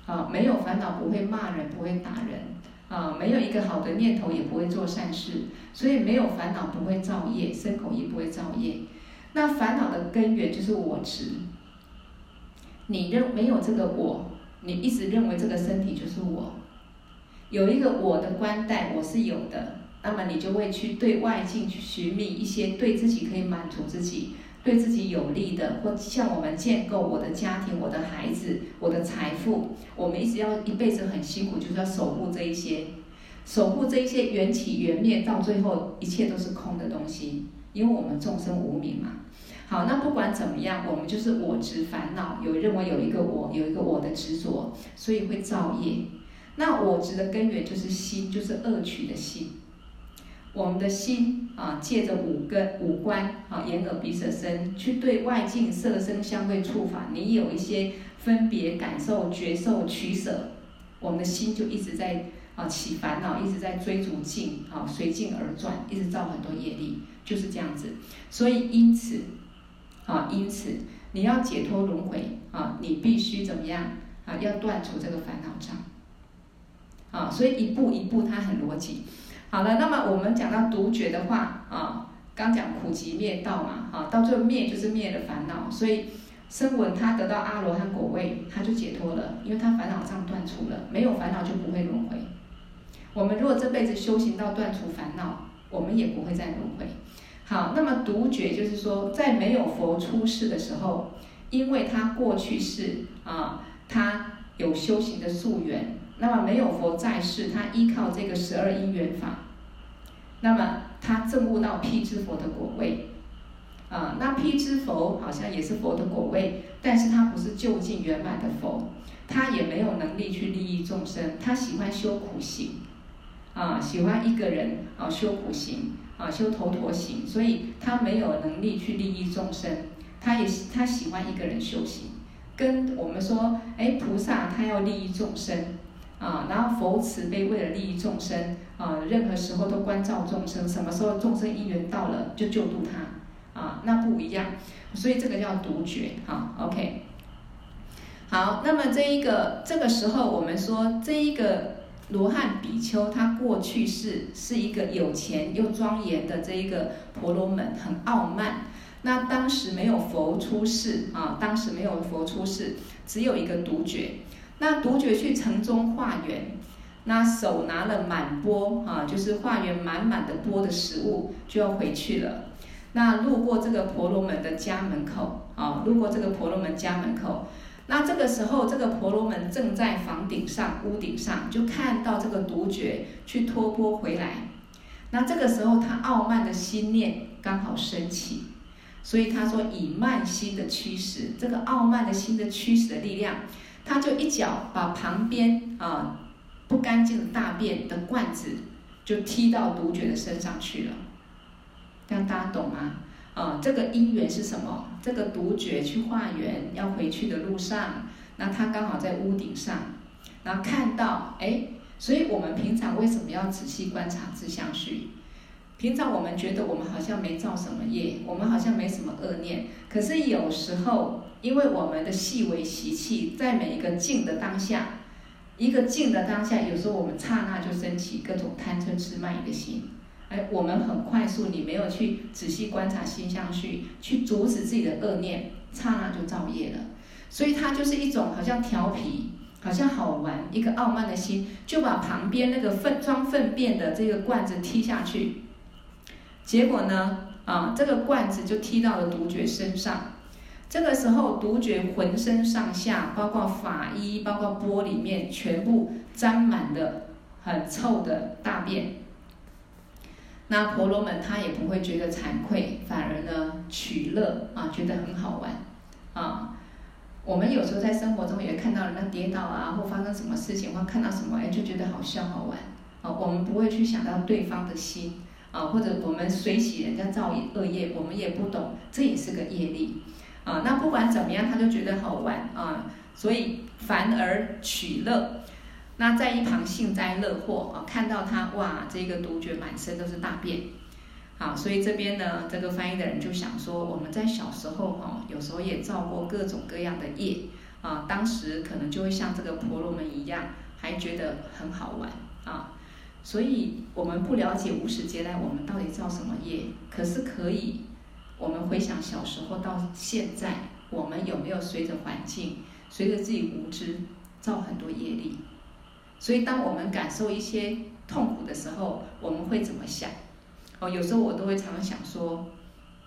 啊，沒有煩惱不會罵人，不會打人。啊，沒有一個好的念頭也不會做善事，所以沒有煩惱不會造業，身口也不會造業。那煩惱的根源就是我執。你認沒有這個我，你一直認為這個身體就是我，有一個我的觀待，我是有的，那麼你就會去對外境去尋覓一些對自己可以滿足自己、對自己有利的，或像我們建構我的家庭、我的孩子、我的財富，我們一直要一輩子很辛苦，就是要守護這一些，守護這一些緣起緣滅，到最後一切都是空的東西，因為我們眾生無明嘛。好，那不管怎麼樣，我們就是我執煩惱，有認為有一個我，有一個我的執着，所以會造業。那我執的根源就是心，就是惡取的心。我們的心啊，借着五根、五官啊，眼、耳、鼻、舌、身，去對外境色、聲、香、味、觸、法，你有一些分別、感受、覺受、取捨，我們的心就一直在啊起煩惱，一直在追逐境啊，隨境而轉，一直造很多業力，就是這樣子。所以因此。啊，因此你要解脫輪迴啊，你必須怎麼樣啊？要斷除這個煩惱障。啊，所以一步一步他很邏輯。好了，那麼我們講到獨覺的話啊，剛講苦集滅道嘛，哈，到最後滅就是滅了煩惱，所以聲聞他得到阿羅漢果位，他就解脫了，因為他煩惱障斷除了，沒有煩惱就不會輪迴。我們如果這輩子修行到斷除煩惱，我們也不會再輪迴。好，那麼獨覺就是說，在沒有佛出世的時候，因為他過去世啊，他有修行的宿緣，那麼沒有佛在世，他依靠這個十二因緣法，那麼他證悟到辟支佛的果位，啊，那辟支佛好像也是佛的果位，但是他不是究竟圓滿的佛，他也沒有能力去利益眾生，他喜歡修苦行，啊，喜歡一個人啊修苦行。啊，修頭陀行，所以他沒有能力去利益眾生，他也他喜歡一個人修行，跟我們說，哎，菩薩他要利益眾生，啊，然後佛慈悲為了利益眾生，啊，任何時候都關照眾生，什麼時候眾生因緣到了就救度他，啊，那不一樣，所以這個叫獨覺，哈、啊，OK，好，那麼這一個這個時候我們說這一個。羅漢比丘，他過去世是，是一個有錢又莊嚴的這一個婆羅門，很傲慢。那當時沒有佛出世啊，當時沒有佛出世，只有一個獨覺。那獨覺去城中化緣，那手拿了滿缽啊，就是化緣滿滿的缽的食物就要回去了。那路過這個婆羅門的家門口啊，路過這個婆羅門家門口。那這個時候，這個婆羅門正在房頂上、屋頂上，就看到這個獨覺去托缽回來。那這個時候，他傲慢的心念剛好升起，所以他說以慢心的驅使，這個傲慢的心的驅使的力量，他就一腳把旁邊啊不乾淨的大便的罐子就踢到獨覺的身上去了。這樣大家懂嗎？啊、嗯，這個因緣是什麼？這個獨覺去化緣，要回去的路上，那他剛好在屋頂上，然後看到，哎，所以我們平常為什麼要仔細觀察自相續？平常我們覺得我們好像沒造什麼業，我們好像沒什麼惡念，可是有時候，因為我們的細微習氣，在每一個靜的當下，一個靜的當下，有時候我們剎那就升起各種貪嗔癡慢疑的心。哎，我們很快速，你沒有去仔細觀察心相續，去阻止自己的惡念，剎那就造業了。所以它就是一種好像調皮、好像好玩、一個傲慢的心，就把旁邊那個糞裝糞便的這個罐子踢下去，結果呢，啊，這個罐子就踢到了獨覺身上。這個時候，獨覺渾身上下，包括法衣、包括缽裡面，全部沾滿的很臭的大便。那婆羅門他也不會覺得慚愧，反而呢取樂啊，覺得很好玩，啊，我們有時候在生活中也看到人家跌倒啊，或發生什麼事情或看到什麼，哎、欸，就覺得好笑好玩，啊，我們不會去想到對方的心，啊，或者我們隨喜人家造業惡業，我們也不懂，這也是個業力，啊，那不管怎麼樣，他就覺得好玩啊，所以反而取樂。那在一旁幸災樂禍啊，看到他哇，這個獨覺滿身都是大便，好、啊，所以這邊呢，這個翻譯的人就想說，我們在小時候哦、啊，有時候也造過各種各樣的業啊，當時可能就會像這個婆羅門一樣，還覺得很好玩啊。所以，我們不了解無始劫來，我們到底造什麼業，可是可以我們回想小時候到現在，我們有沒有隨着環境，隨着自己無知造很多業力？所以，當我們感受一些痛苦的時候，我們會怎麼想？哦，有時候我都會常常想說，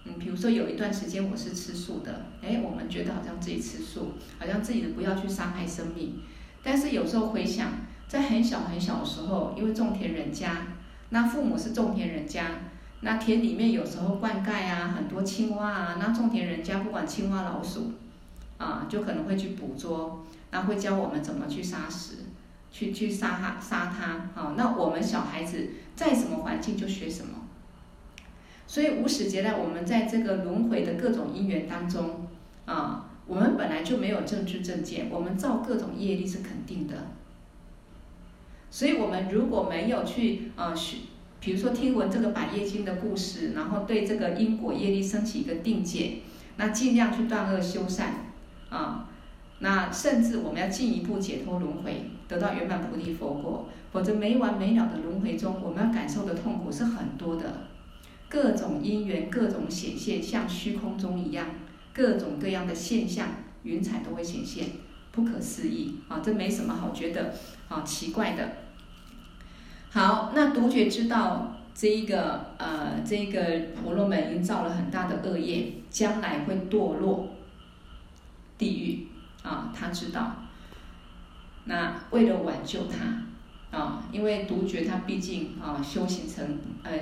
嗯，比如說有一段時間我是吃素的，哎，我們覺得好像自己吃素，好像自己不要去傷害生命，但是有時候回想，在很小很小的時候，因為種田人家，那父母是種田人家，那田裡面有時候灌溉啊，很多青蛙啊，那種田人家不管青蛙老鼠，啊，就可能會去捕捉，那會教我們怎麼去殺死。去去殺他殺他，啊，那我們小孩子在什麼環境就學什麼。所以無始劫來，我們在這個輪迴的各種因緣當中，啊，我們本來就沒有正知正見，我們造各種業力是肯定的。所以，我們如果沒有去呃學、啊，比如說聽聞這個《百業經》的故事，然後對這個因果業力升起一個定見，那儘量去斷惡修善，啊，那甚至我們要進一步解脫輪迴。得到圓滿菩提佛果，否則沒完沒了的輪迴中，我們要感受的痛苦是很多的。各種因緣，各種顯現，像虛空中一樣，各種各樣的現象，雲彩都會顯現，不可思議啊！這沒什麼好覺得啊，奇怪的。好，那獨覺知道這一個呃，這一個婆羅門造了很大的惡業，將來會墮落地獄啊，他知道。那為了挽救他，啊，因為獨覺他畢竟啊修行成，呃，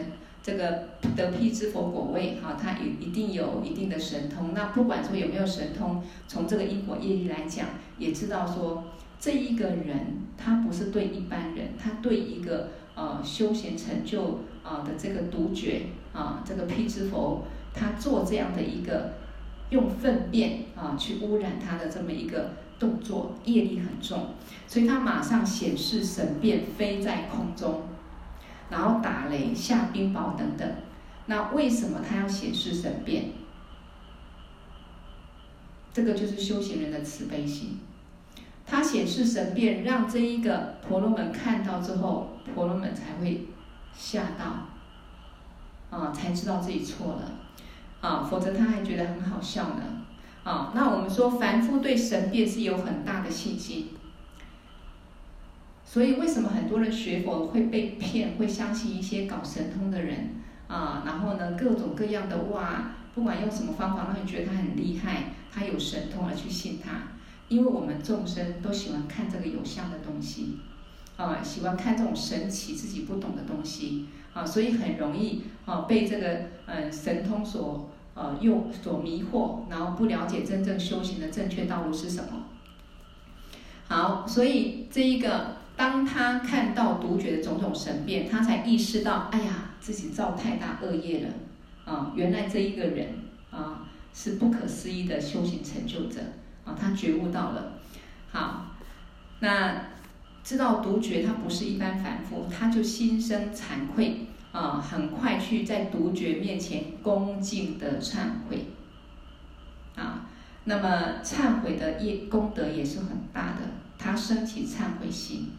這個得辟支佛果位，哈、啊，他也一定有一定的神通。那不管說有沒有神通，從這個因果業力來講，也知道說這一個人他不是對一般人，他對一個呃修行成就啊的這個獨覺啊，這個辟支佛，他做這樣的一個。用糞便啊去污染他的這麼一個動作，業力很重，所以他馬上顯示神變飛在空中，然後打雷、下冰雹等等。那為什麼他要顯示神變？這個就是修行人的慈悲心。他顯示神變，讓這一個婆羅門看到之後，婆羅門才會嚇到，啊，才知道自己錯了。啊，否則他還覺得很好笑呢。啊，那我們說凡夫對神變是有很大的信心。所以為什麼很多人學佛會被騙，會相信一些搞神通的人啊？然後呢，各種各樣的哇，不管用什麼方法，讓你覺得他很厲害，他有神通而去信他。因為我們眾生都喜歡看這個有相的東西，啊，喜歡看這種神奇自己不懂的東西，啊，所以很容易啊被這個嗯神通所。呃，有所迷惑，然後不了解真正修行的正確道路是什麼。好，所以這一個，當他看到獨覺的種種神變，他才意識到，哎呀，自己造太大惡業了。啊、呃，原來這一個人啊、呃，是不可思議的修行成就者。啊、呃，他覺悟到了。好，那知道獨覺他不是一般凡夫，他就心生慚愧。啊，很快去在獨覺面前恭敬的懺悔，啊，那麼懺悔的業功德也是很大的。他升起懺悔心，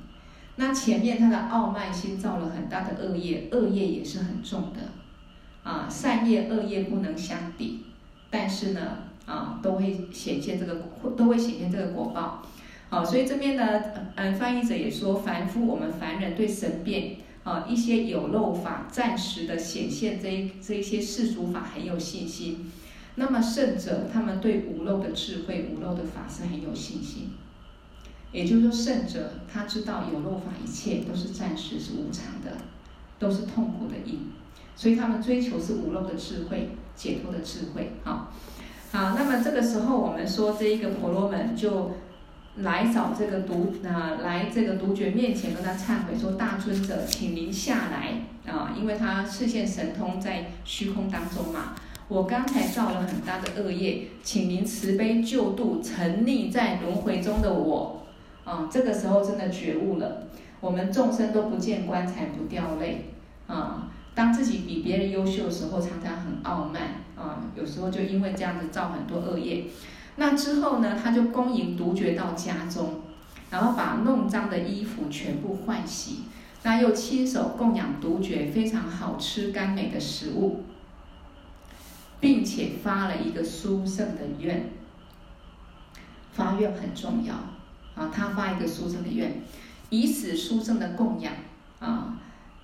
那前面他的傲慢心造了很大的惡業，惡業也是很重的。啊，善業惡業不能相抵，但是呢，啊，都會顯現這個都會顯現這個果報。好，啊，所以這邊呢，嗯，翻譯者也說，凡夫我們凡人對神變。啊，一些有漏法暫時的顯現，這一這一些世俗法很有信心。那麼聖者，他們對無漏的智慧、無漏的法是很有信心。也就是說，聖者他知道有漏法一切都是暫時是無常的，都是痛苦的意義，所以他們追求是無漏的智慧、解脫的智慧。好好，那麼這個時候我們說這一個婆羅門就。來找這個獨，啊，來這個獨覺面前跟他懺悔說，說大尊者，請您下來啊，因為他示現神通在虛空當中嘛。我剛才造了很大的惡業，請您慈悲救度沉溺在輪迴中的我。啊，這個時候真的覺悟了，我們眾生都不見棺材不掉淚啊。當自己比別人優秀的時候，常常很傲慢啊，有時候就因為這樣子造很多惡業。那之後呢，他就恭迎獨覺到家中，然後把弄髒的衣服全部換洗，那又親手供養獨覺非常好吃甘美的食物，並且發了一個殊勝的願。發願很重要啊！他發一個殊勝的願，以此殊勝的供養啊。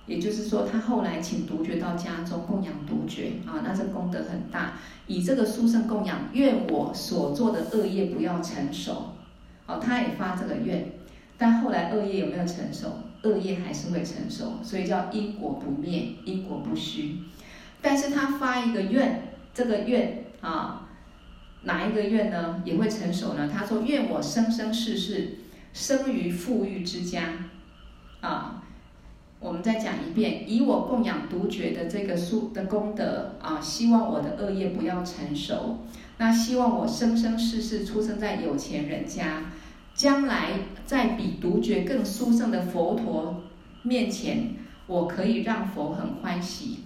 也就是說，他後來請獨覺到家中供養獨覺啊，那這功德很大。以這個殊勝供養，願我所做的惡業不要成熟。哦、啊，他也發這個願，但後來惡業有沒有成熟？惡業還是會成熟，所以叫因果不滅，因果不虛。但是他發一個願，這個願啊，哪一個願呢？也會成熟呢？他說：願我生生世世生於富裕之家，啊。我們再講一遍，以我供養獨覺的這個殊的功德啊，希望我的惡業不要成熟。那希望我生生世世出生在有錢人家，將來在比獨覺更殊勝的佛陀面前，我可以讓佛很歡喜。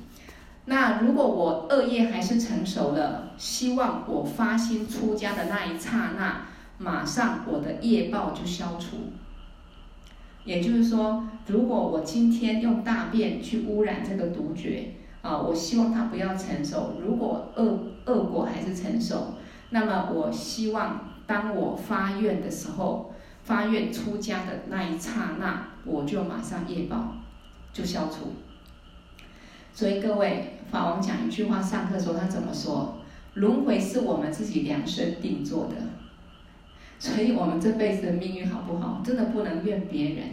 那如果我惡業還是成熟了，希望我發心出家的那一剎那，馬上我的業報就消除。也就是說，如果我今天用大便去污染這個毒厥，啊，我希望它不要成熟。如果惡惡果還是成熟，那麼我希望當我發願的時候，發願出家的那一剎那，我就馬上業報就消除。所以各位，法王講一句話，上課時候他怎麼說？輪回是我們自己量身定做的。所以，我們這輩子的命運好不好，真的不能怨別人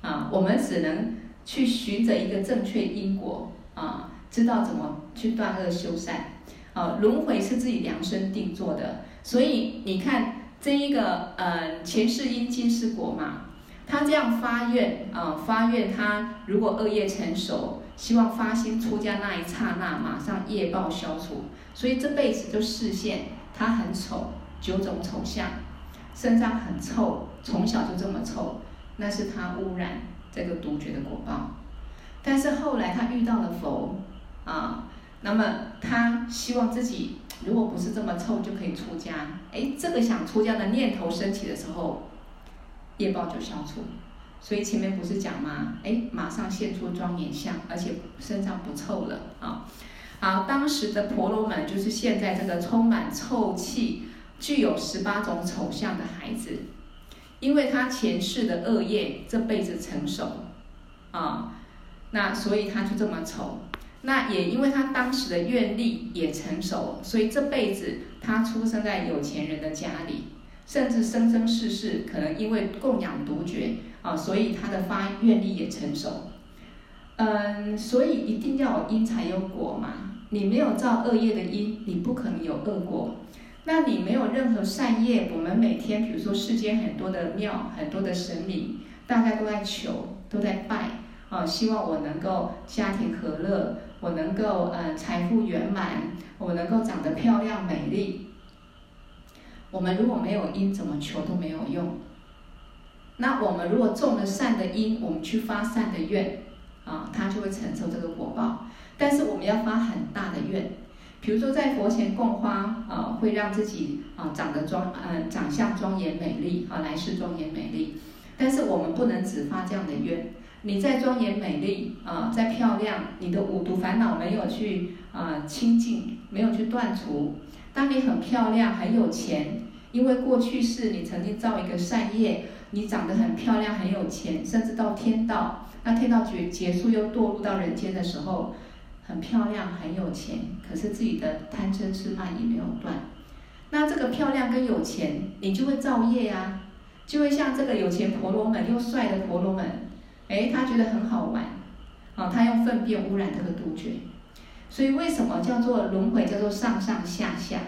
啊！我們只能去尋着一個正確因果啊，知道怎麼去斷惡修善啊。輪迴是自己量身定做的，所以你看這一個呃，前世因今世果嘛，他這樣發願啊、呃，發願他如果惡業成熟，希望發心出家那一剎那，馬上業報消除，所以這輩子就示現他很醜，九種醜相。身上很臭，從小就這麼臭，那是他污染這個獨覺的果報。但是後來他遇到了佛啊，那麼他希望自己如果不是這麼臭就可以出家。哎，這個想出家的念頭升起的時候，業報就消除。所以前面不是講嗎？哎，馬上現出莊嚴相，而且身上不臭了啊。好、啊，當時的婆羅門就是現在這個充滿臭氣。具有十八種醜相的孩子，因為他前世的惡業這輩子成熟啊、哦，那所以他就這麼醜。那也因為他當時的願力也成熟，所以這輩子他出生在有錢人的家裡，甚至生生世世可能因為供養獨覺啊、哦，所以他的發願力也成熟。嗯，所以一定要有因才有果嘛。你沒有造惡業的因，你不可能有惡果。那你沒有任何善業，我們每天比如說世間很多的廟，很多的神明，大家都在求，都在拜，啊、哦，希望我能夠家庭和樂，我能夠呃財富圓滿，我能夠長得漂亮美麗。我們如果沒有因，怎麼求都沒有用。那我們如果種了善的因，我們去發善的願，啊、哦，他就會承受這個果報。但是我們要發很大的願。比如說，在佛前供花，啊、呃，會讓自己啊長得莊，嗯、呃，長相莊嚴美麗，啊，來世莊嚴美麗。但是我們不能只發這樣的願。你再莊嚴美麗，啊、呃，再漂亮，你的五毒煩惱沒有去啊、呃、清淨，沒有去斷除。當你很漂亮、很有錢，因為過去世你曾經造一個善業，你長得很漂亮、很有錢，甚至到天道，那天道結結束又墮入到人間的時候。很漂亮，很有錢，可是自己的貪嗔癡慢也沒有斷。那這個漂亮跟有錢，你就會造業呀、啊，就會像這個有錢婆羅門又帥的婆羅門，哎、欸，他覺得很好玩，啊，他用糞便污染這個杜鵑。所以為什麼叫做輪迴？叫做上上下下。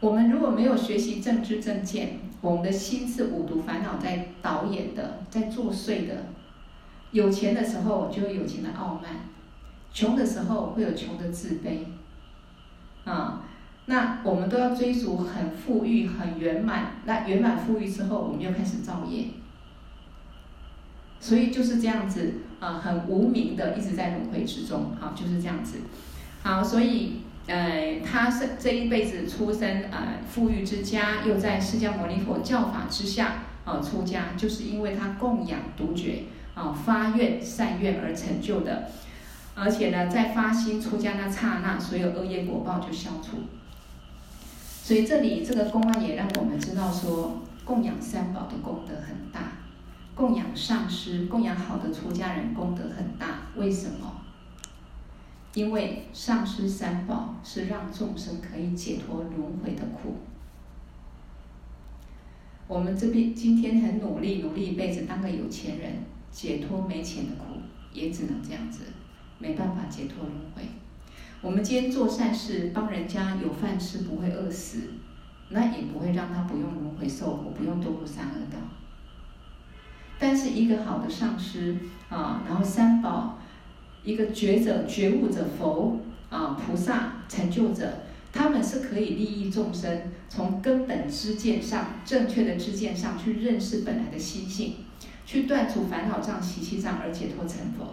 我們如果沒有學習正知正見，我們的心是五毒煩惱在導演的，在作祟的。有錢的時候就會有錢的傲慢。窮的時候會有窮的自卑，啊，那我們都要追逐很富裕、很圓滿。那圓滿富裕之後，我們又開始造業，所以就是這樣子啊，很無明的一直在輪迴之中，好，就是這樣子。好，所以呃，他是這一輩子出生啊、呃、富裕之家，又在釋迦牟尼佛教法之下啊出家，就是因為他供養獨覺啊發願善願而成就的。而且呢，在發心出家那剎那，所有惡業果報，就消除。所以這裡這個公案也讓我們知道說，供養三寶的功德很大，供養上師、供養好的出家人功德很大。為什麼？因為上師三寶是讓眾生可以解脫輪迴的苦。我們這邊今天很努力，努力一輩子當個有錢人，解脫沒錢的苦，也只能這樣子。沒辦法解脫輪迴。我們今天做善事，幫人家有飯吃，不會餓死，那也不會讓他不用輪迴受苦，不用墮入三惡道。但是一個好的上師啊，然後三寶，一個覺者、覺悟者佛啊，菩薩成就者，他們是可以利益眾生，從根本知見上、正確的知見上去認識本來的心性，去斷除煩惱障、習氣障而解脫成佛。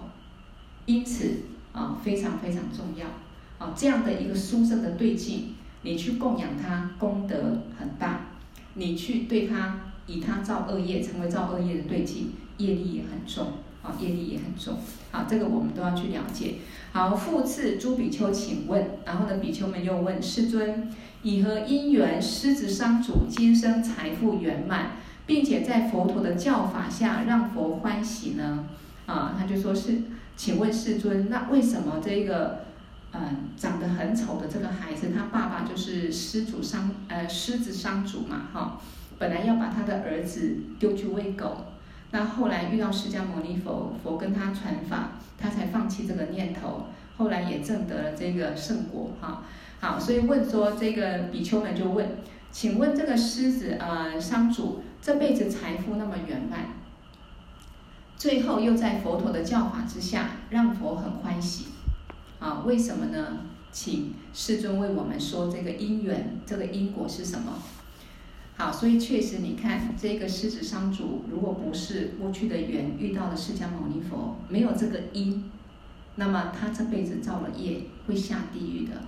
因此，啊、哦，非常非常重要，啊、哦，這樣的一個殊勝的對境，你去供養他，功德很大；你去對他，以他造惡業，成為造惡業的對境，業力也很重，啊、哦，業力也很重，好，這個我們都要去了解。好，復次諸比丘，請問，然後呢，比丘們又問世尊：以何因緣，獅子商主今生財富圓滿，並且在佛陀的教法下，讓佛歡喜呢？啊、哦，他就說是。請問世尊，那為什麼這個嗯、呃、長得很醜的這個孩子，他爸爸就是獅主商，呃獅子商主嘛哈、哦，本來要把他的兒子丟去餵狗，那後來遇到釋迦牟尼佛，佛跟他傳法，他才放棄這個念頭，後來也證得了這個聖果哈、哦。好，所以問說這個比丘們就問，請問這個獅子呃商主這輩子財富那麼圓滿？最後又在佛陀的教法之下，讓佛很歡喜。啊，為什麼呢？請世尊為我們說這個因緣，這個因果是什麼？好，所以確實你看，這個獅子商主如果不是過去的緣遇到了釋迦牟尼佛，沒有這個因，那麼他這輩子造了業，會下地獄的。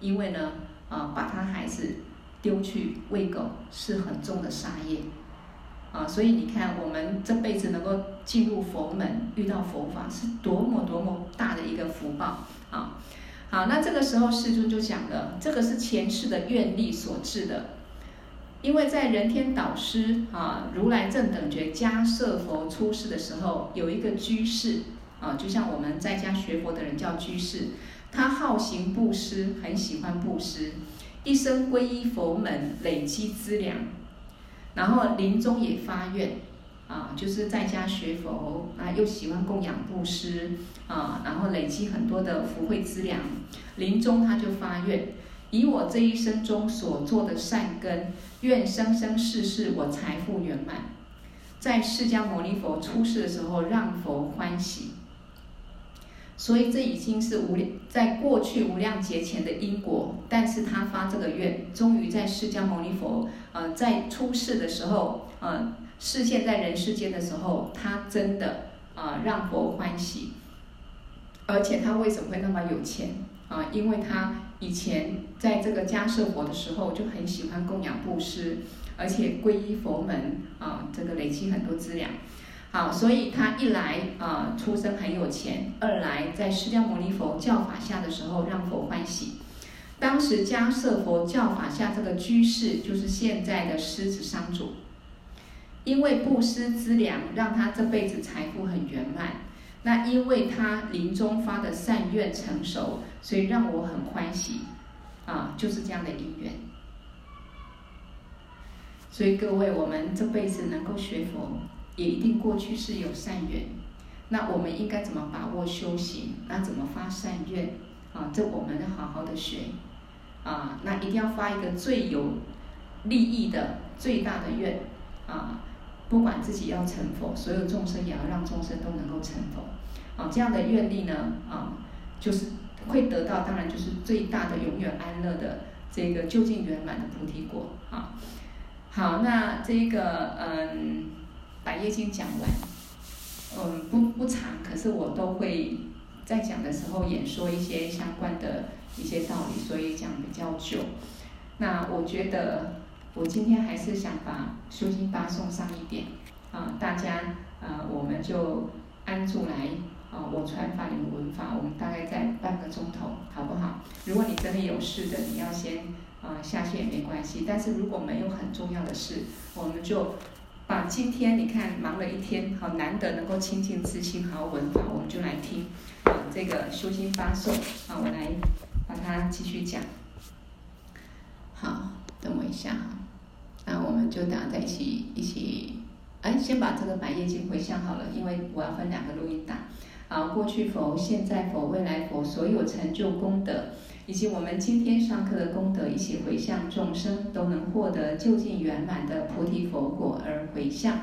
因為呢，啊，把他孩子丟去餵狗，是很重的殺業。啊，所以你看，我們這輩子能夠進入佛門、遇到佛法，是多麼多麼大的一個福報啊！好，那這個時候世尊就講了，這個是前世的願力所致的，因為在人天導師啊、如來正等覺迦葉佛出世的時候，有一個居士啊，就像我們在家學佛的人叫居士，他好行布施，很喜歡布施，一生皈依佛門，累積資糧。然後臨終也發願，啊，就是在家學佛啊，又喜歡供養布施啊，然後累積很多的福慧資糧。臨終他就發願，以我這一生中所做的善根，願生生世世我財富圓滿，在釋迦牟尼佛出世的時候，讓佛歡喜。所以這已經是無在過去無量劫前的因果，但是他發這個願，終於在釋迦牟尼佛，呃，在出世的時候，呃，示現在人世間的時候，他真的啊、呃、讓佛歡喜，而且他為什麼會那麼有錢啊、呃？因為他以前在這個迦葉佛的時候就很喜歡供養布施，而且皈依佛門啊、呃，這個累積很多資糧。好，所以他一來啊、呃，出生很有錢；二來在釋迦牟尼佛教法下的時候，讓佛歡喜。當時迦葉佛教法下這個居士就是現在的獅子商主，因為布施資糧讓他這輩子財富很圓滿。那因為他臨終發的善願成熟，所以讓我很歡喜。啊、呃，就是這樣的因緣。所以各位，我們這輩子能夠學佛，也一定過去是有善緣，那我們應該怎麼把握修行？那怎麼發善願？啊，這我們要好好的學，啊，那一定要發一個最有利益的最大的願，啊，不管自己要成佛，所有眾生也要讓眾生都能夠成佛，啊，這樣的願力呢，啊，就是會得到，當然就是最大的永遠安樂的這個究竟圓滿的菩提果。啊，好，那這個嗯。把百業經講完，嗯，不不長，可是我都會在講的時候演說一些相關的一些道理，所以講比較久。那我覺得我今天還是想把修心八頌送上一點啊、呃，大家啊、呃，我們就安住來啊、呃，我傳法你們聞法，我們大概在半個鐘頭，好不好？如果你真的有事的，你要先啊、呃、下線也沒關係，但是如果沒有很重要的事，我們就。啊，今天你看忙了一天，好難得能夠清淨自心好好聞，好，我們，好我們就來聽，啊，這個修心發送，啊我來把它繼續講。好，等我一下哈，那、啊、我們就打在一起一起，哎、啊、先把這個百業經回向好了，因為我要分兩個錄音檔。啊，過去佛，現在佛，未來佛，所有成就功德。以及我們今天上課的功德，一起回向眾生，都能獲得究竟圓滿的菩提佛果而回向。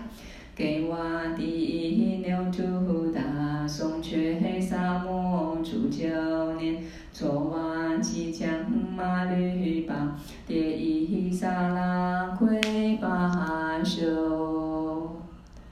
給我瓦帝牛吐達松卻薩摩主教念措瓦基將馬律巴迭伊薩拉奎巴哈修。